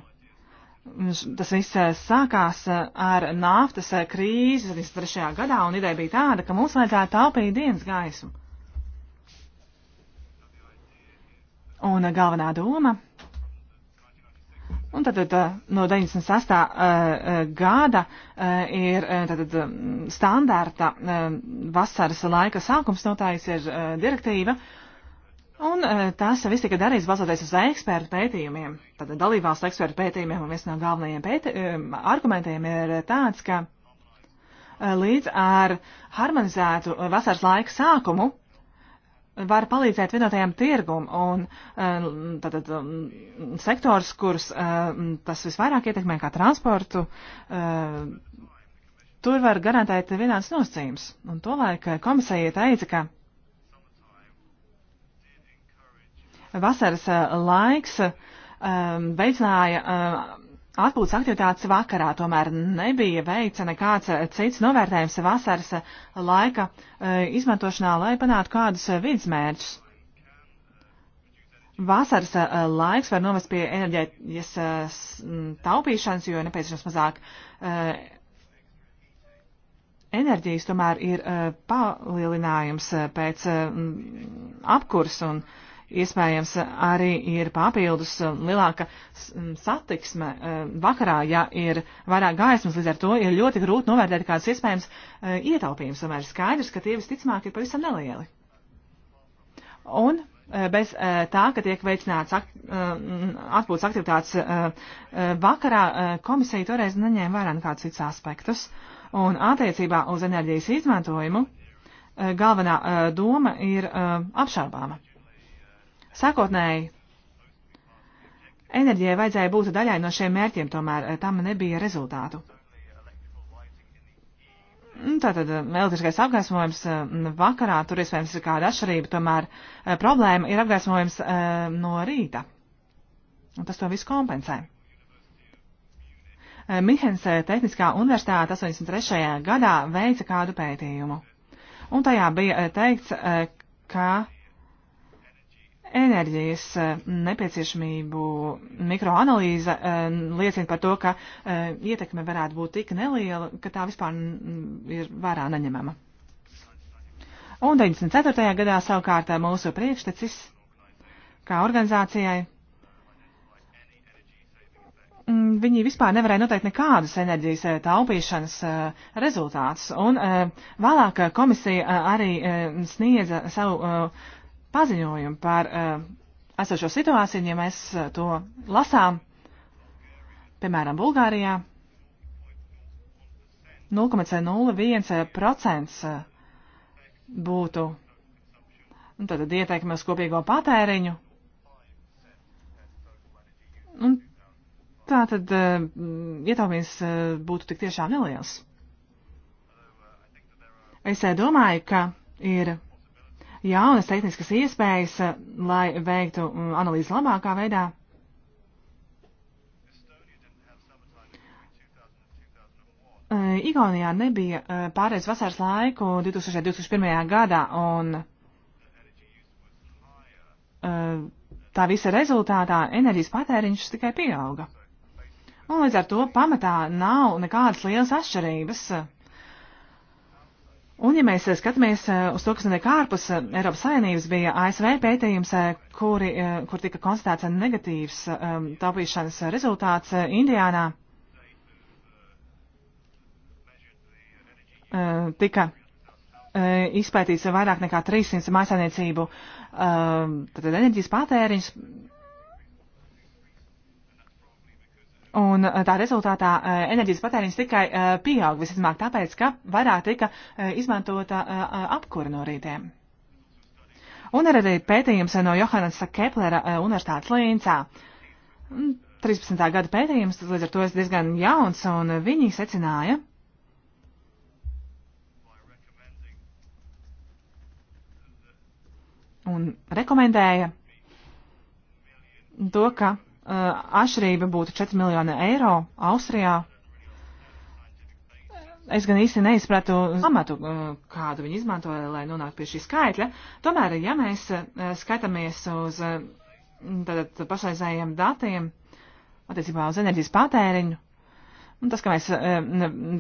Tas viss eh, sākās eh, ar naftas eh, krīzi 73. gadā, un ideja bija tāda, ka mums vajadzētu taupīt dienas gaismu. Un galvenā doma. Un tad no 96. gada ir tad, mm, standārta vasaras laika sākums, no tā ir direktīva, Un e, tas viss tika darīts balstoties uz ekspertu pētījumiem, tad dalībvalstu ekspertu pētījumiem, un viens no galvenajiem pēti, e, argumentiem ir tāds, ka e, līdz ar harmonizētu vasaras laika sākumu var palīdzēt vienotajam tirgum, un tātad um, sektors, kurus tas visvairāk ietekmē kā transportu, tur var garantēt vienāds nosacījums. Un tolaik komisija teica, ka vasaras eh, laiks ehm, veicināja eh, atpūtas aktivitātes vakarā, tomēr nebija veica nekāds eh, cits novērtējums vasaras laika izmantošanā, lai panātu kādus vidusmērķus. Vasaras laiks var novest pie enerģētas taupīšanas, jo nepieciešams mazāk enerģijas, tomēr ir palielinājums pēc apkurs un apkurs iespējams arī ir papildus uh, lielāka satiksme uh, vakarā, ja ir vairāk gaismas, līdz ar to ir ļoti grūti novērtēt kāds iespējams uh, ietaupījums, tomēr skaidrs, ka tie visticamāk ir pavisam nelieli. Un bez tā, ka tiek veicināts akt, atpūtas aktivitātes vakarā, komisija toreiz neņēma vērā nekādus cits aspektus. Un attiecībā uz enerģijas izmantojumu galvenā doma ir apšaubāma Sākotnēji enerģijai vajadzēja būt daļai no šiem mērķiem, tomēr eh, tam nebija rezultātu. Nu, tātad eh, elektriskais apgaismojums eh, vakarā, tur iespējams ir kāda atšķirība, tomēr problēma ir apgaismojums no rīta. Un tas to visu kompensē. Mihens Tehniskā universitāte 83. gadā veica kādu pētījumu. Un tajā bija teikts, ka enerģijas eh, nepieciešamību mikroanalīze eh, liecina par to, ka eh, ietekme varētu būt tik neliela, ka tā vispār ir vērā neņemama. Un 94. gadā savukārt mūsu priekštecis kā organizācijai. Mm, viņi vispār nevarēja noteikt nekādus enerģijas taupīšanas rezultātus. Un vēlāk komisija arī sniedza savu paziņojumu par uh, esošo situāciju, ja mēs uh, to lasām, piemēram, Bulgārijā 0,01% eh, būtu un nu, tātad ieteikumi uz kopīgo patēriņu. Un tā tad uh, ietaupījums uh, būtu tik tiešām neliels. Es uh, domāju, ka ir jaunas tehniskas iespējas, eh, lai veiktu mm, analīzi labākā veidā. Eh, Igaunijā nebija eh, pārējais vasaras laiku 2001. gadā, un tā visa rezultātā enerģijas patēriņš tikai pieauga. Un līdz ar to pamatā nav nekādas lielas atšķirības Un, ja mēs eh, skatāmies eh, uz to, kas notiek ārpus eh, Eiropas Savienības, bija ASV pētījums, kuri, kur tika konstatēts negatīvs taupīšanas rezultāts Indijānā. Tika izpētīts vairāk nekā 300 mājasēmniecību enerģijas patēriņus Un eh, tā rezultātā eh, enerģijas patēriņš tikai eh, pieaug, visticamāk tāpēc, ka vairāk tika izmantota apkura no rītiem. Un arī pētījums no Johanesa Keplera universitātes Līncā. 13. Mm, gada pētījums, līdz ar to es diezgan jauns, un viņi secināja, un rekomendēja to, ka Eh, atšķirība būtu 4 miljoni eiro Austrijā. Es gan īsti neizpratu pamatu, eh, kādu viņi izmantoja, lai nonāktu pie šī skaitļa. Tomēr, ja mēs eh, skatāmies uz tātad, pašreizējiem datiem attiecībā uz enerģijas patēriņu, un tas, ka mēs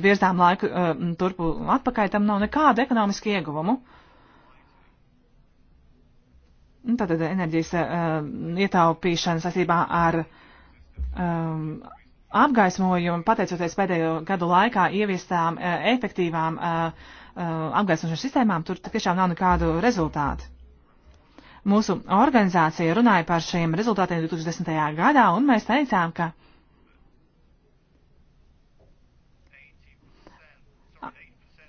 virzām laiku turpu atpakaļ, tam nav nekādu ekonomisku ieguvumu. Tātad nu, enerģijas uh, ietaupīšana saistībā ar um, apgaismojumu, pateicoties pēdējo gadu laikā ieviestām uh, efektīvām uh, apgaismošanas sistēmām, tur tiešām nav nekādu rezultātu. Mūsu organizācija runāja par šiem rezultātiem 2010. gadā, un mēs teicām, ka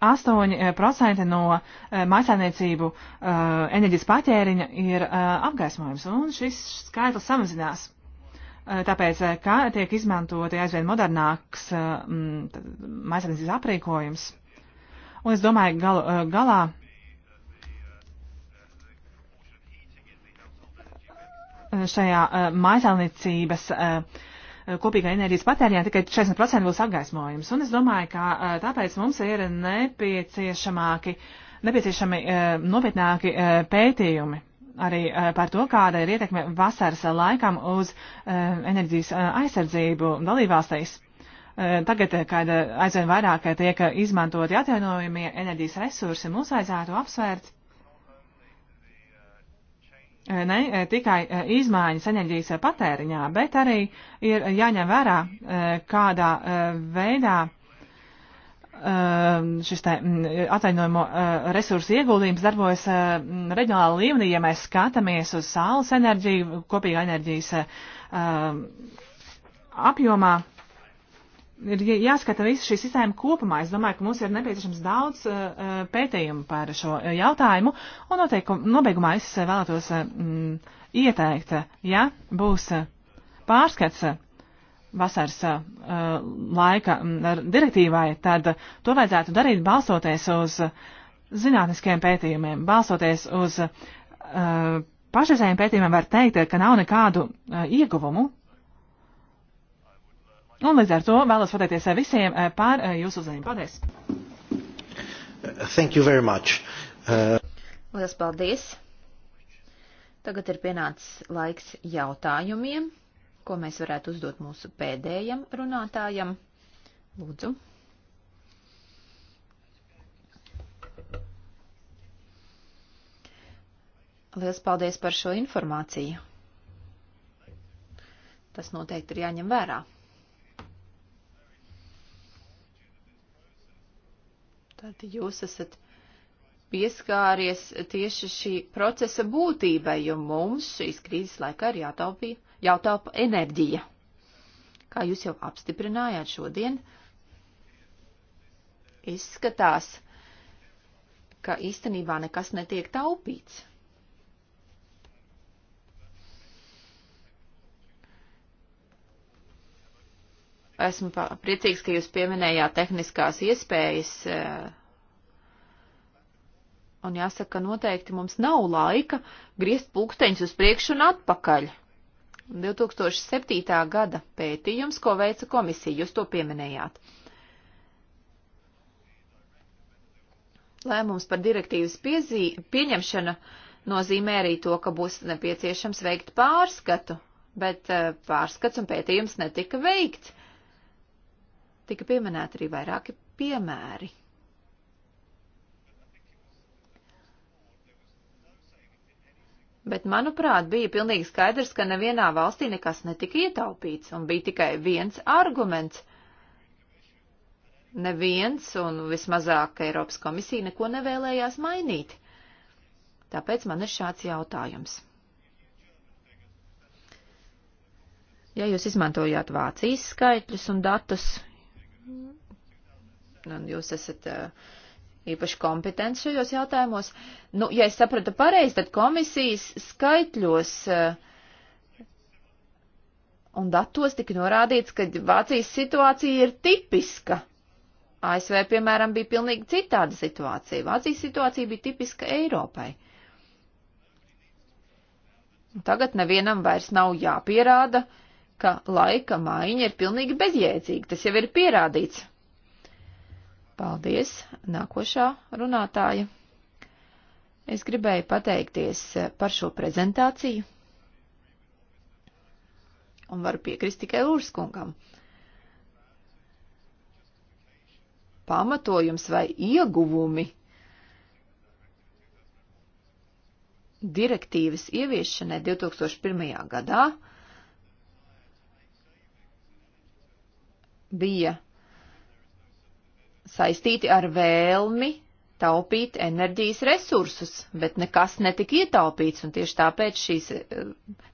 8% eh, no eh, mājasēmniecību eh, enerģijas patēriņa ir apgaismojums, un šis skaitlis samazinās. Tāpēc, kā tiek izmantoti aizvien modernāks mājasēmniecības aprīkojums, un es domāju, gal, galā šajā mājasēmniecības uh, kopīgā enerģijas patēriņā tikai 40% būs apgaismojums. Un es domāju, ka tāpēc mums ir nepieciešamāki, nepieciešami nopietnāki pētījumi arī par to, kāda ir ietekme vasaras laikam uz enerģijas aizsardzību dalībvalstīs. Tagad, kad aizvien vairāk tiek izmantoti atjaunojumie enerģijas resursi, mums vajadzētu apsvērt Eh, ne eh, tikai eh, izmaiņas enerģijas patēriņā, bet arī ir jāņem vērā, kādā veidā šis tā mm, atvainojumu resursu ieguldījums darbojas mm, reģionāla līmenī, ja mēs skatāmies uz saules enerģiju, kopīga enerģijas apjomā ir jāskata visa šī sistēma kopumā. Es domāju, ka mums ir nepieciešams daudz uh, pētījumu par šo eh, jautājumu. Un noteikti, nobeigumā es vēlētos mm, ieteikt, ja būs pārskats vasaras uh, laika mm, direktīvai, tad to vajadzētu darīt balstoties uz zinātniskiem pētījumiem, balstoties uz uh, pašreizējiem pētījumiem var teikt, ka nav nekādu uh, ieguvumu Un līdz ar to vēlos pateikties eh, visiem eh, par eh, jūsu uzmanību. Paldies! Thank you very much. Uh... Lielas paldies! Tagad ir pienācis laiks jautājumiem, ko mēs varētu uzdot mūsu pēdējam runātājam. Lūdzu! Lielas paldies par šo informāciju. Tas noteikti ir jāņem vērā. Tad jūs esat pieskāries tieši šī procesa būtībai, jo mums šīs krīzes laikā ir jātaupīja, jātaupa enerģija. Kā jūs jau apstiprinājāt šodien, izskatās, ka īstenībā nekas netiek taupīts. Esmu priecīgs, ka jūs pieminējāt tehniskās iespējas. E, un jāsaka, ka noteikti mums nav laika griezt pulksteņus uz priekšu un atpakaļ. 2007. gada pētījums, ko veica komisija, jūs to pieminējāt. Lēmums par direktīvas piezī, pieņemšanu nozīmē arī to, ka būs nepieciešams veikt pārskatu, bet e, pārskats un pētījums netika veikts. Tika pieminēti arī vairāki piemēri. Bet, manuprāt, bija pilnīgi skaidrs, ka nevienā valstī nekas netika ietaupīts, un bija tikai viens arguments. Neviens, un vismazāk Eiropas komisija neko nevēlējās mainīt. Tāpēc man ir šāds jautājums. Ja jūs izmantojāt Vācijas skaitļus un datus, un jūs esat eh, īpaši kompetents šajos jautājumos. Nu, ja es sapratu pareizi, tad komisijas skaitļos eh, un datos tika norādīts, ka Vācijas situācija ir tipiska. ASV, piemēram, bija pilnīgi citāda situācija. Vācijas situācija bija tipiska Eiropai. Tagad nevienam vairs nav jāpierāda, ka laika maiņa ir pilnīgi bezjēdzīga. Tas jau ir pierādīts. Paldies! Nākošā runātāja. Es gribēju pateikties par šo prezentāciju un varu piekrist tikai Lūrskungam. Pamatojums vai ieguvumi direktīvas ieviešanai 2001. gadā bija saistīti ar vēlmi taupīt enerģijas resursus, bet nekas netika ietaupīts, un tieši tāpēc šīs eh,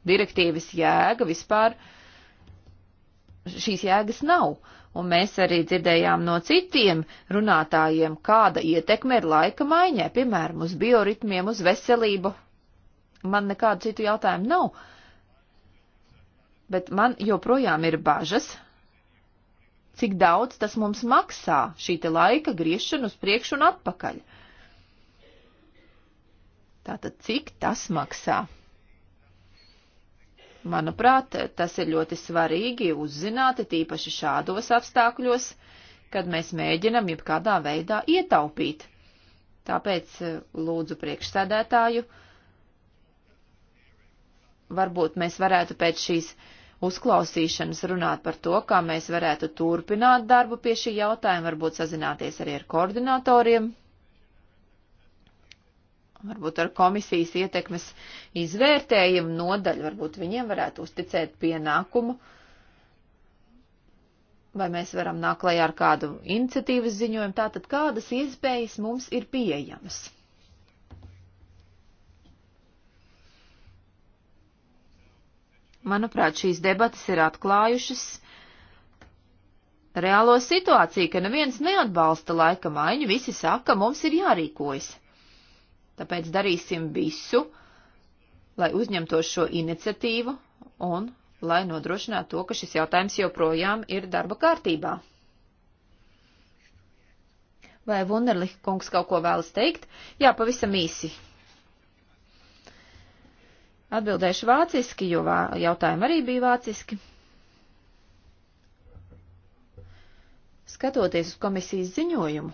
direktīvas jēga vispār, šīs jēgas nav. Un mēs arī dzirdējām no citiem runātājiem, kāda ietekme ir laika maiņai, piemēram, uz bioritmiem, uz veselību. Man nekādu citu jautājumu nav. Bet man joprojām ir bažas, cik daudz tas mums maksā šī te laika griešana uz priekšu un atpakaļ. Tātad, cik tas maksā? Manuprāt, tas ir ļoti svarīgi uzzināt, tīpaši šādos apstākļos, kad mēs mēģinam jebkādā veidā ietaupīt. Tāpēc lūdzu priekšsēdētāju, varbūt mēs varētu pēc šīs uzklausīšanas runāt par to, kā mēs varētu turpināt darbu pie šī jautājuma, varbūt sazināties arī ar koordinatoriem, varbūt ar komisijas ietekmes izvērtējumu nodaļu, varbūt viņiem varētu uzticēt pienākumu, vai mēs varam nākt klajā ar kādu iniciatīvas ziņojumu, tātad kādas iespējas mums ir pieejamas. Manuprāt, šīs debatas ir atklājušas reālo situāciju, ka neviens neatbalsta laika maiņu, visi saka, mums ir jārīkojas. Tāpēc darīsim visu, lai uzņemtos šo iniciatīvu un lai nodrošinātu to, ka šis jautājums joprojām ir darba kārtībā. Vai Vunderlih kungs kaut ko vēlas teikt? Jā, pavisam īsi. Atbildēšu vāciski, jo vā, jautājumi arī bija vāciski. Skatoties uz komisijas ziņojumu,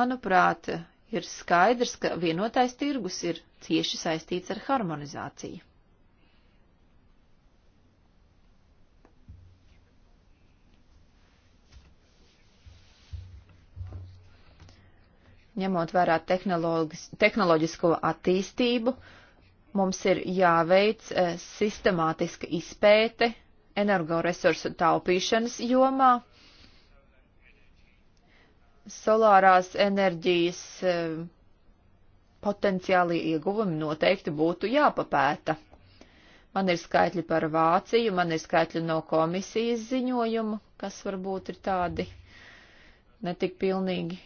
manuprāt, ir skaidrs, ka vienotais tirgus ir cieši saistīts ar harmonizāciju. ņemot vērā tehnoloģisko attīstību, mums ir jāveic e, sistemātiska izpēte energoresursu taupīšanas jomā, solārās enerģijas e, potenciālie ieguvumi noteikti būtu jāpapēta. Man ir skaitļi par Vāciju, man ir skaitļi no komisijas ziņojumu, kas varbūt ir tādi netik pilnīgi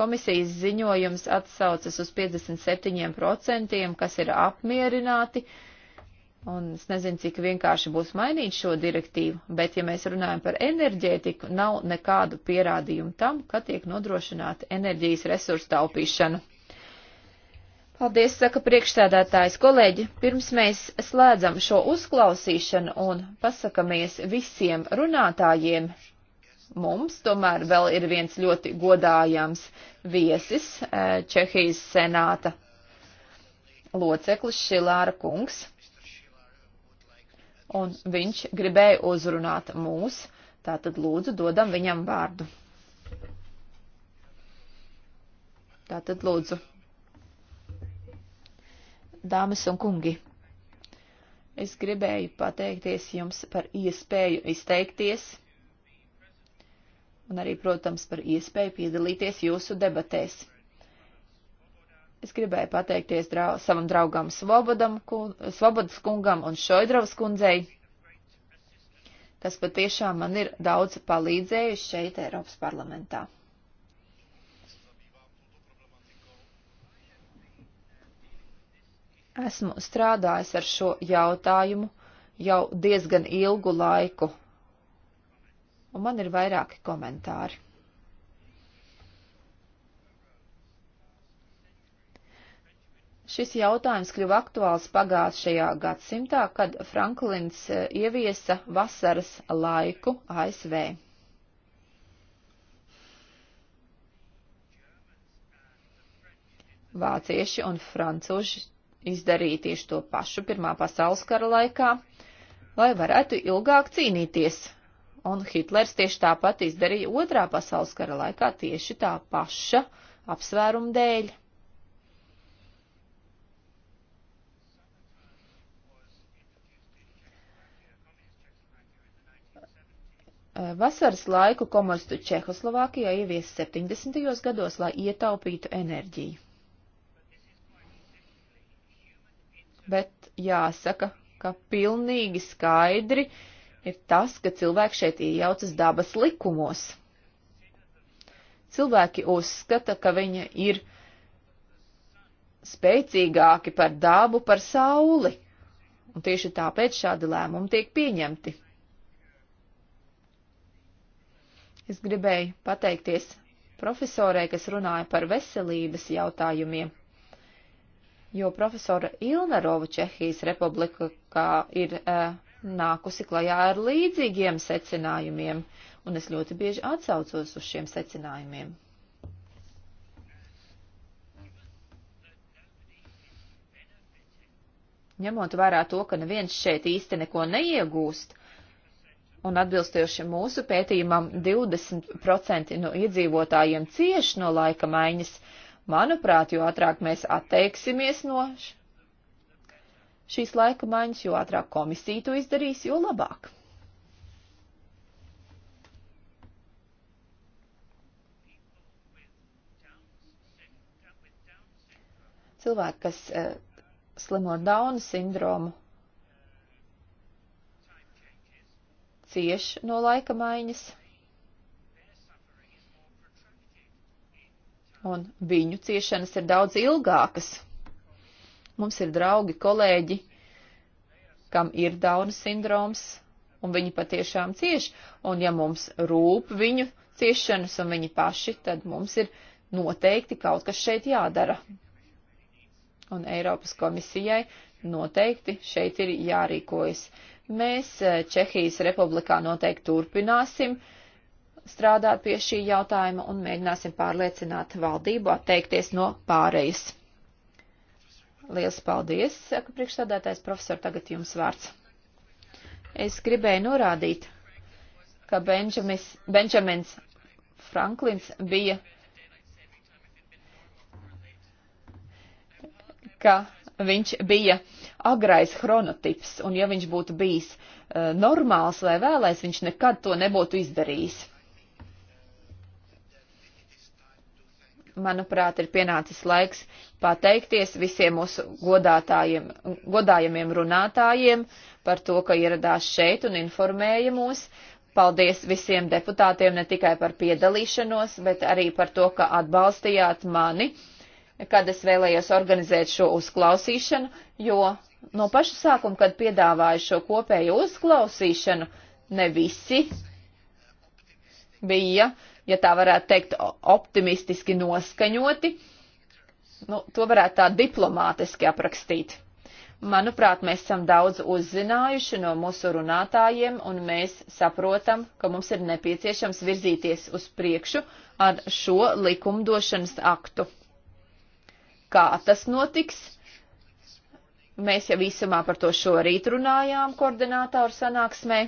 Komisijas ziņojums atsaucas uz 57%, kas ir apmierināti, un es nezinu, cik vienkārši būs mainīt šo direktīvu, bet ja mēs runājam par enerģētiku, nav nekādu pierādījumu tam, ka tiek nodrošināta enerģijas resursu taupīšana. Paldies, saka priekšsēdētājs kolēģi. Pirms mēs slēdzam šo uzklausīšanu un pasakamies visiem runātājiem, mums tomēr vēl ir viens ļoti godājams viesis, eh, Čehijas senāta loceklis Šilāra kungs. Un viņš gribēja uzrunāt mūs, tātad lūdzu dodam viņam vārdu. Tātad lūdzu. Dāmas un kungi, es gribēju pateikties jums par iespēju izteikties un arī, protams, par iespēju piedalīties jūsu debatēs. Es gribēju pateikties drau, savam draugam Svobodam, kun, Svobodas kungam un Šoidravas kundzei. Tas patiešām man ir daudz palīdzējuši šeit Eiropas parlamentā. Esmu strādājis ar šo jautājumu jau diezgan ilgu laiku un man ir vairāki komentāri. Šis jautājums kļuva aktuāls pagājušajā gadsimtā, kad Franklins eh, ieviesa vasaras laiku ASV. Vācieši un francūži izdarīja tieši to pašu Pirmā pasaules kara laikā, lai varētu ilgāk cīnīties Un Hitlers tieši tāpat izdarīja otrā pasaules kara laikā tieši tā paša apsvērumu dēļ. Vasaras laiku komunistu Čehoslovākijā ievies 70. gados, lai ietaupītu enerģiju. Bet jāsaka, ka pilnīgi skaidri uh, ir tas, ka cilvēki šeit iejaucas dabas likumos. Cilvēki uzskata, ka viņa ir spēcīgāki par dabu, par sauli, un tieši tāpēc šādi lēmumi tiek pieņemti. Es gribēju pateikties profesorai, kas runāja par veselības jautājumiem, jo profesora Ilnerova Čehijas republikā ir uh, nākusi klajā ar līdzīgiem secinājumiem, un es ļoti bieži atsaucos uz šiem secinājumiem. ņemot vērā to, ka neviens šeit īsti neko neiegūst, un atbilstoši mūsu pētījumam 20% no iedzīvotājiem cieš no laika maiņas, manuprāt, jo ātrāk mēs atteiksimies no šīs laika maiņas, jo ātrāk komisija to izdarīs, jo labāk. Cilvēki, kas uh, slimo ar Dauna sindromu, cieš no laika maiņas, un viņu ciešanas ir daudz ilgākas Mums ir draugi, kolēģi, kam ir Dauna sindroms, un viņi patiešām cieš, un ja mums rūp viņu ciešanas un viņi paši, tad mums ir noteikti kaut kas šeit jādara. Un Eiropas komisijai noteikti šeit ir jārīkojas. Mēs eh, Čehijas republikā noteikti turpināsim strādāt pie šī jautājuma un mēģināsim pārliecināt valdību atteikties no pārējas. Liels paldies, saka priekšsādātājs profesor, tagad jums vārds. Es gribēju norādīt, ka Benjamis, Benjamins Franklins bija, ka viņš bija agrais chronotips, un ja viņš būtu bijis uh, normāls vai vēlais, viņš nekad to nebūtu izdarījis. manuprāt, ir pienācis laiks pateikties visiem mūsu godājumiem runātājiem par to, ka ieradās šeit un informēja mūs. Paldies visiem deputātiem ne tikai par piedalīšanos, bet arī par to, ka atbalstījāt mani, kad es vēlējos organizēt šo uzklausīšanu, jo no paša sākuma, kad piedāvāju šo kopēju uzklausīšanu, ne visi bija uh, ja tā varētu teikt, optimistiski noskaņoti. Nu, to varētu tā diplomātiski aprakstīt. Manuprāt, mēs esam daudz uzzinājuši no mūsu runātājiem, un mēs saprotam, ka mums ir nepieciešams virzīties uz priekšu ar šo likumdošanas aktu. Kā tas notiks? Mēs jau īsumā par to šorīt runājām koordinātoru sanāksmē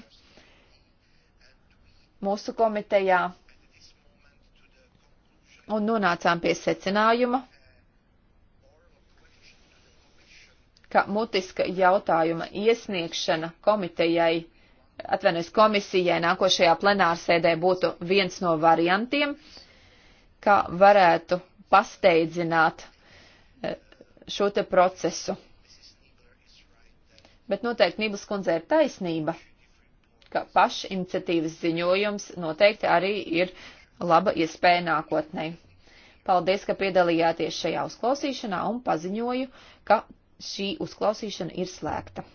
mūsu komitejā un nonācām pie secinājuma, ka mutiska jautājuma iesniegšana komitejai, atvainojas komisijai nākošajā plenārsēdē būtu viens no variantiem, kā varētu pasteidzināt e, šo te procesu. Bet noteikti Niblas kundze ir taisnība, ka pašiniciatīvas ziņojums noteikti arī ir laba iespēja nākotnē. Paldies, ka piedalījāties šajā uzklausīšanā un paziņoju, ka šī uzklausīšana ir slēgta.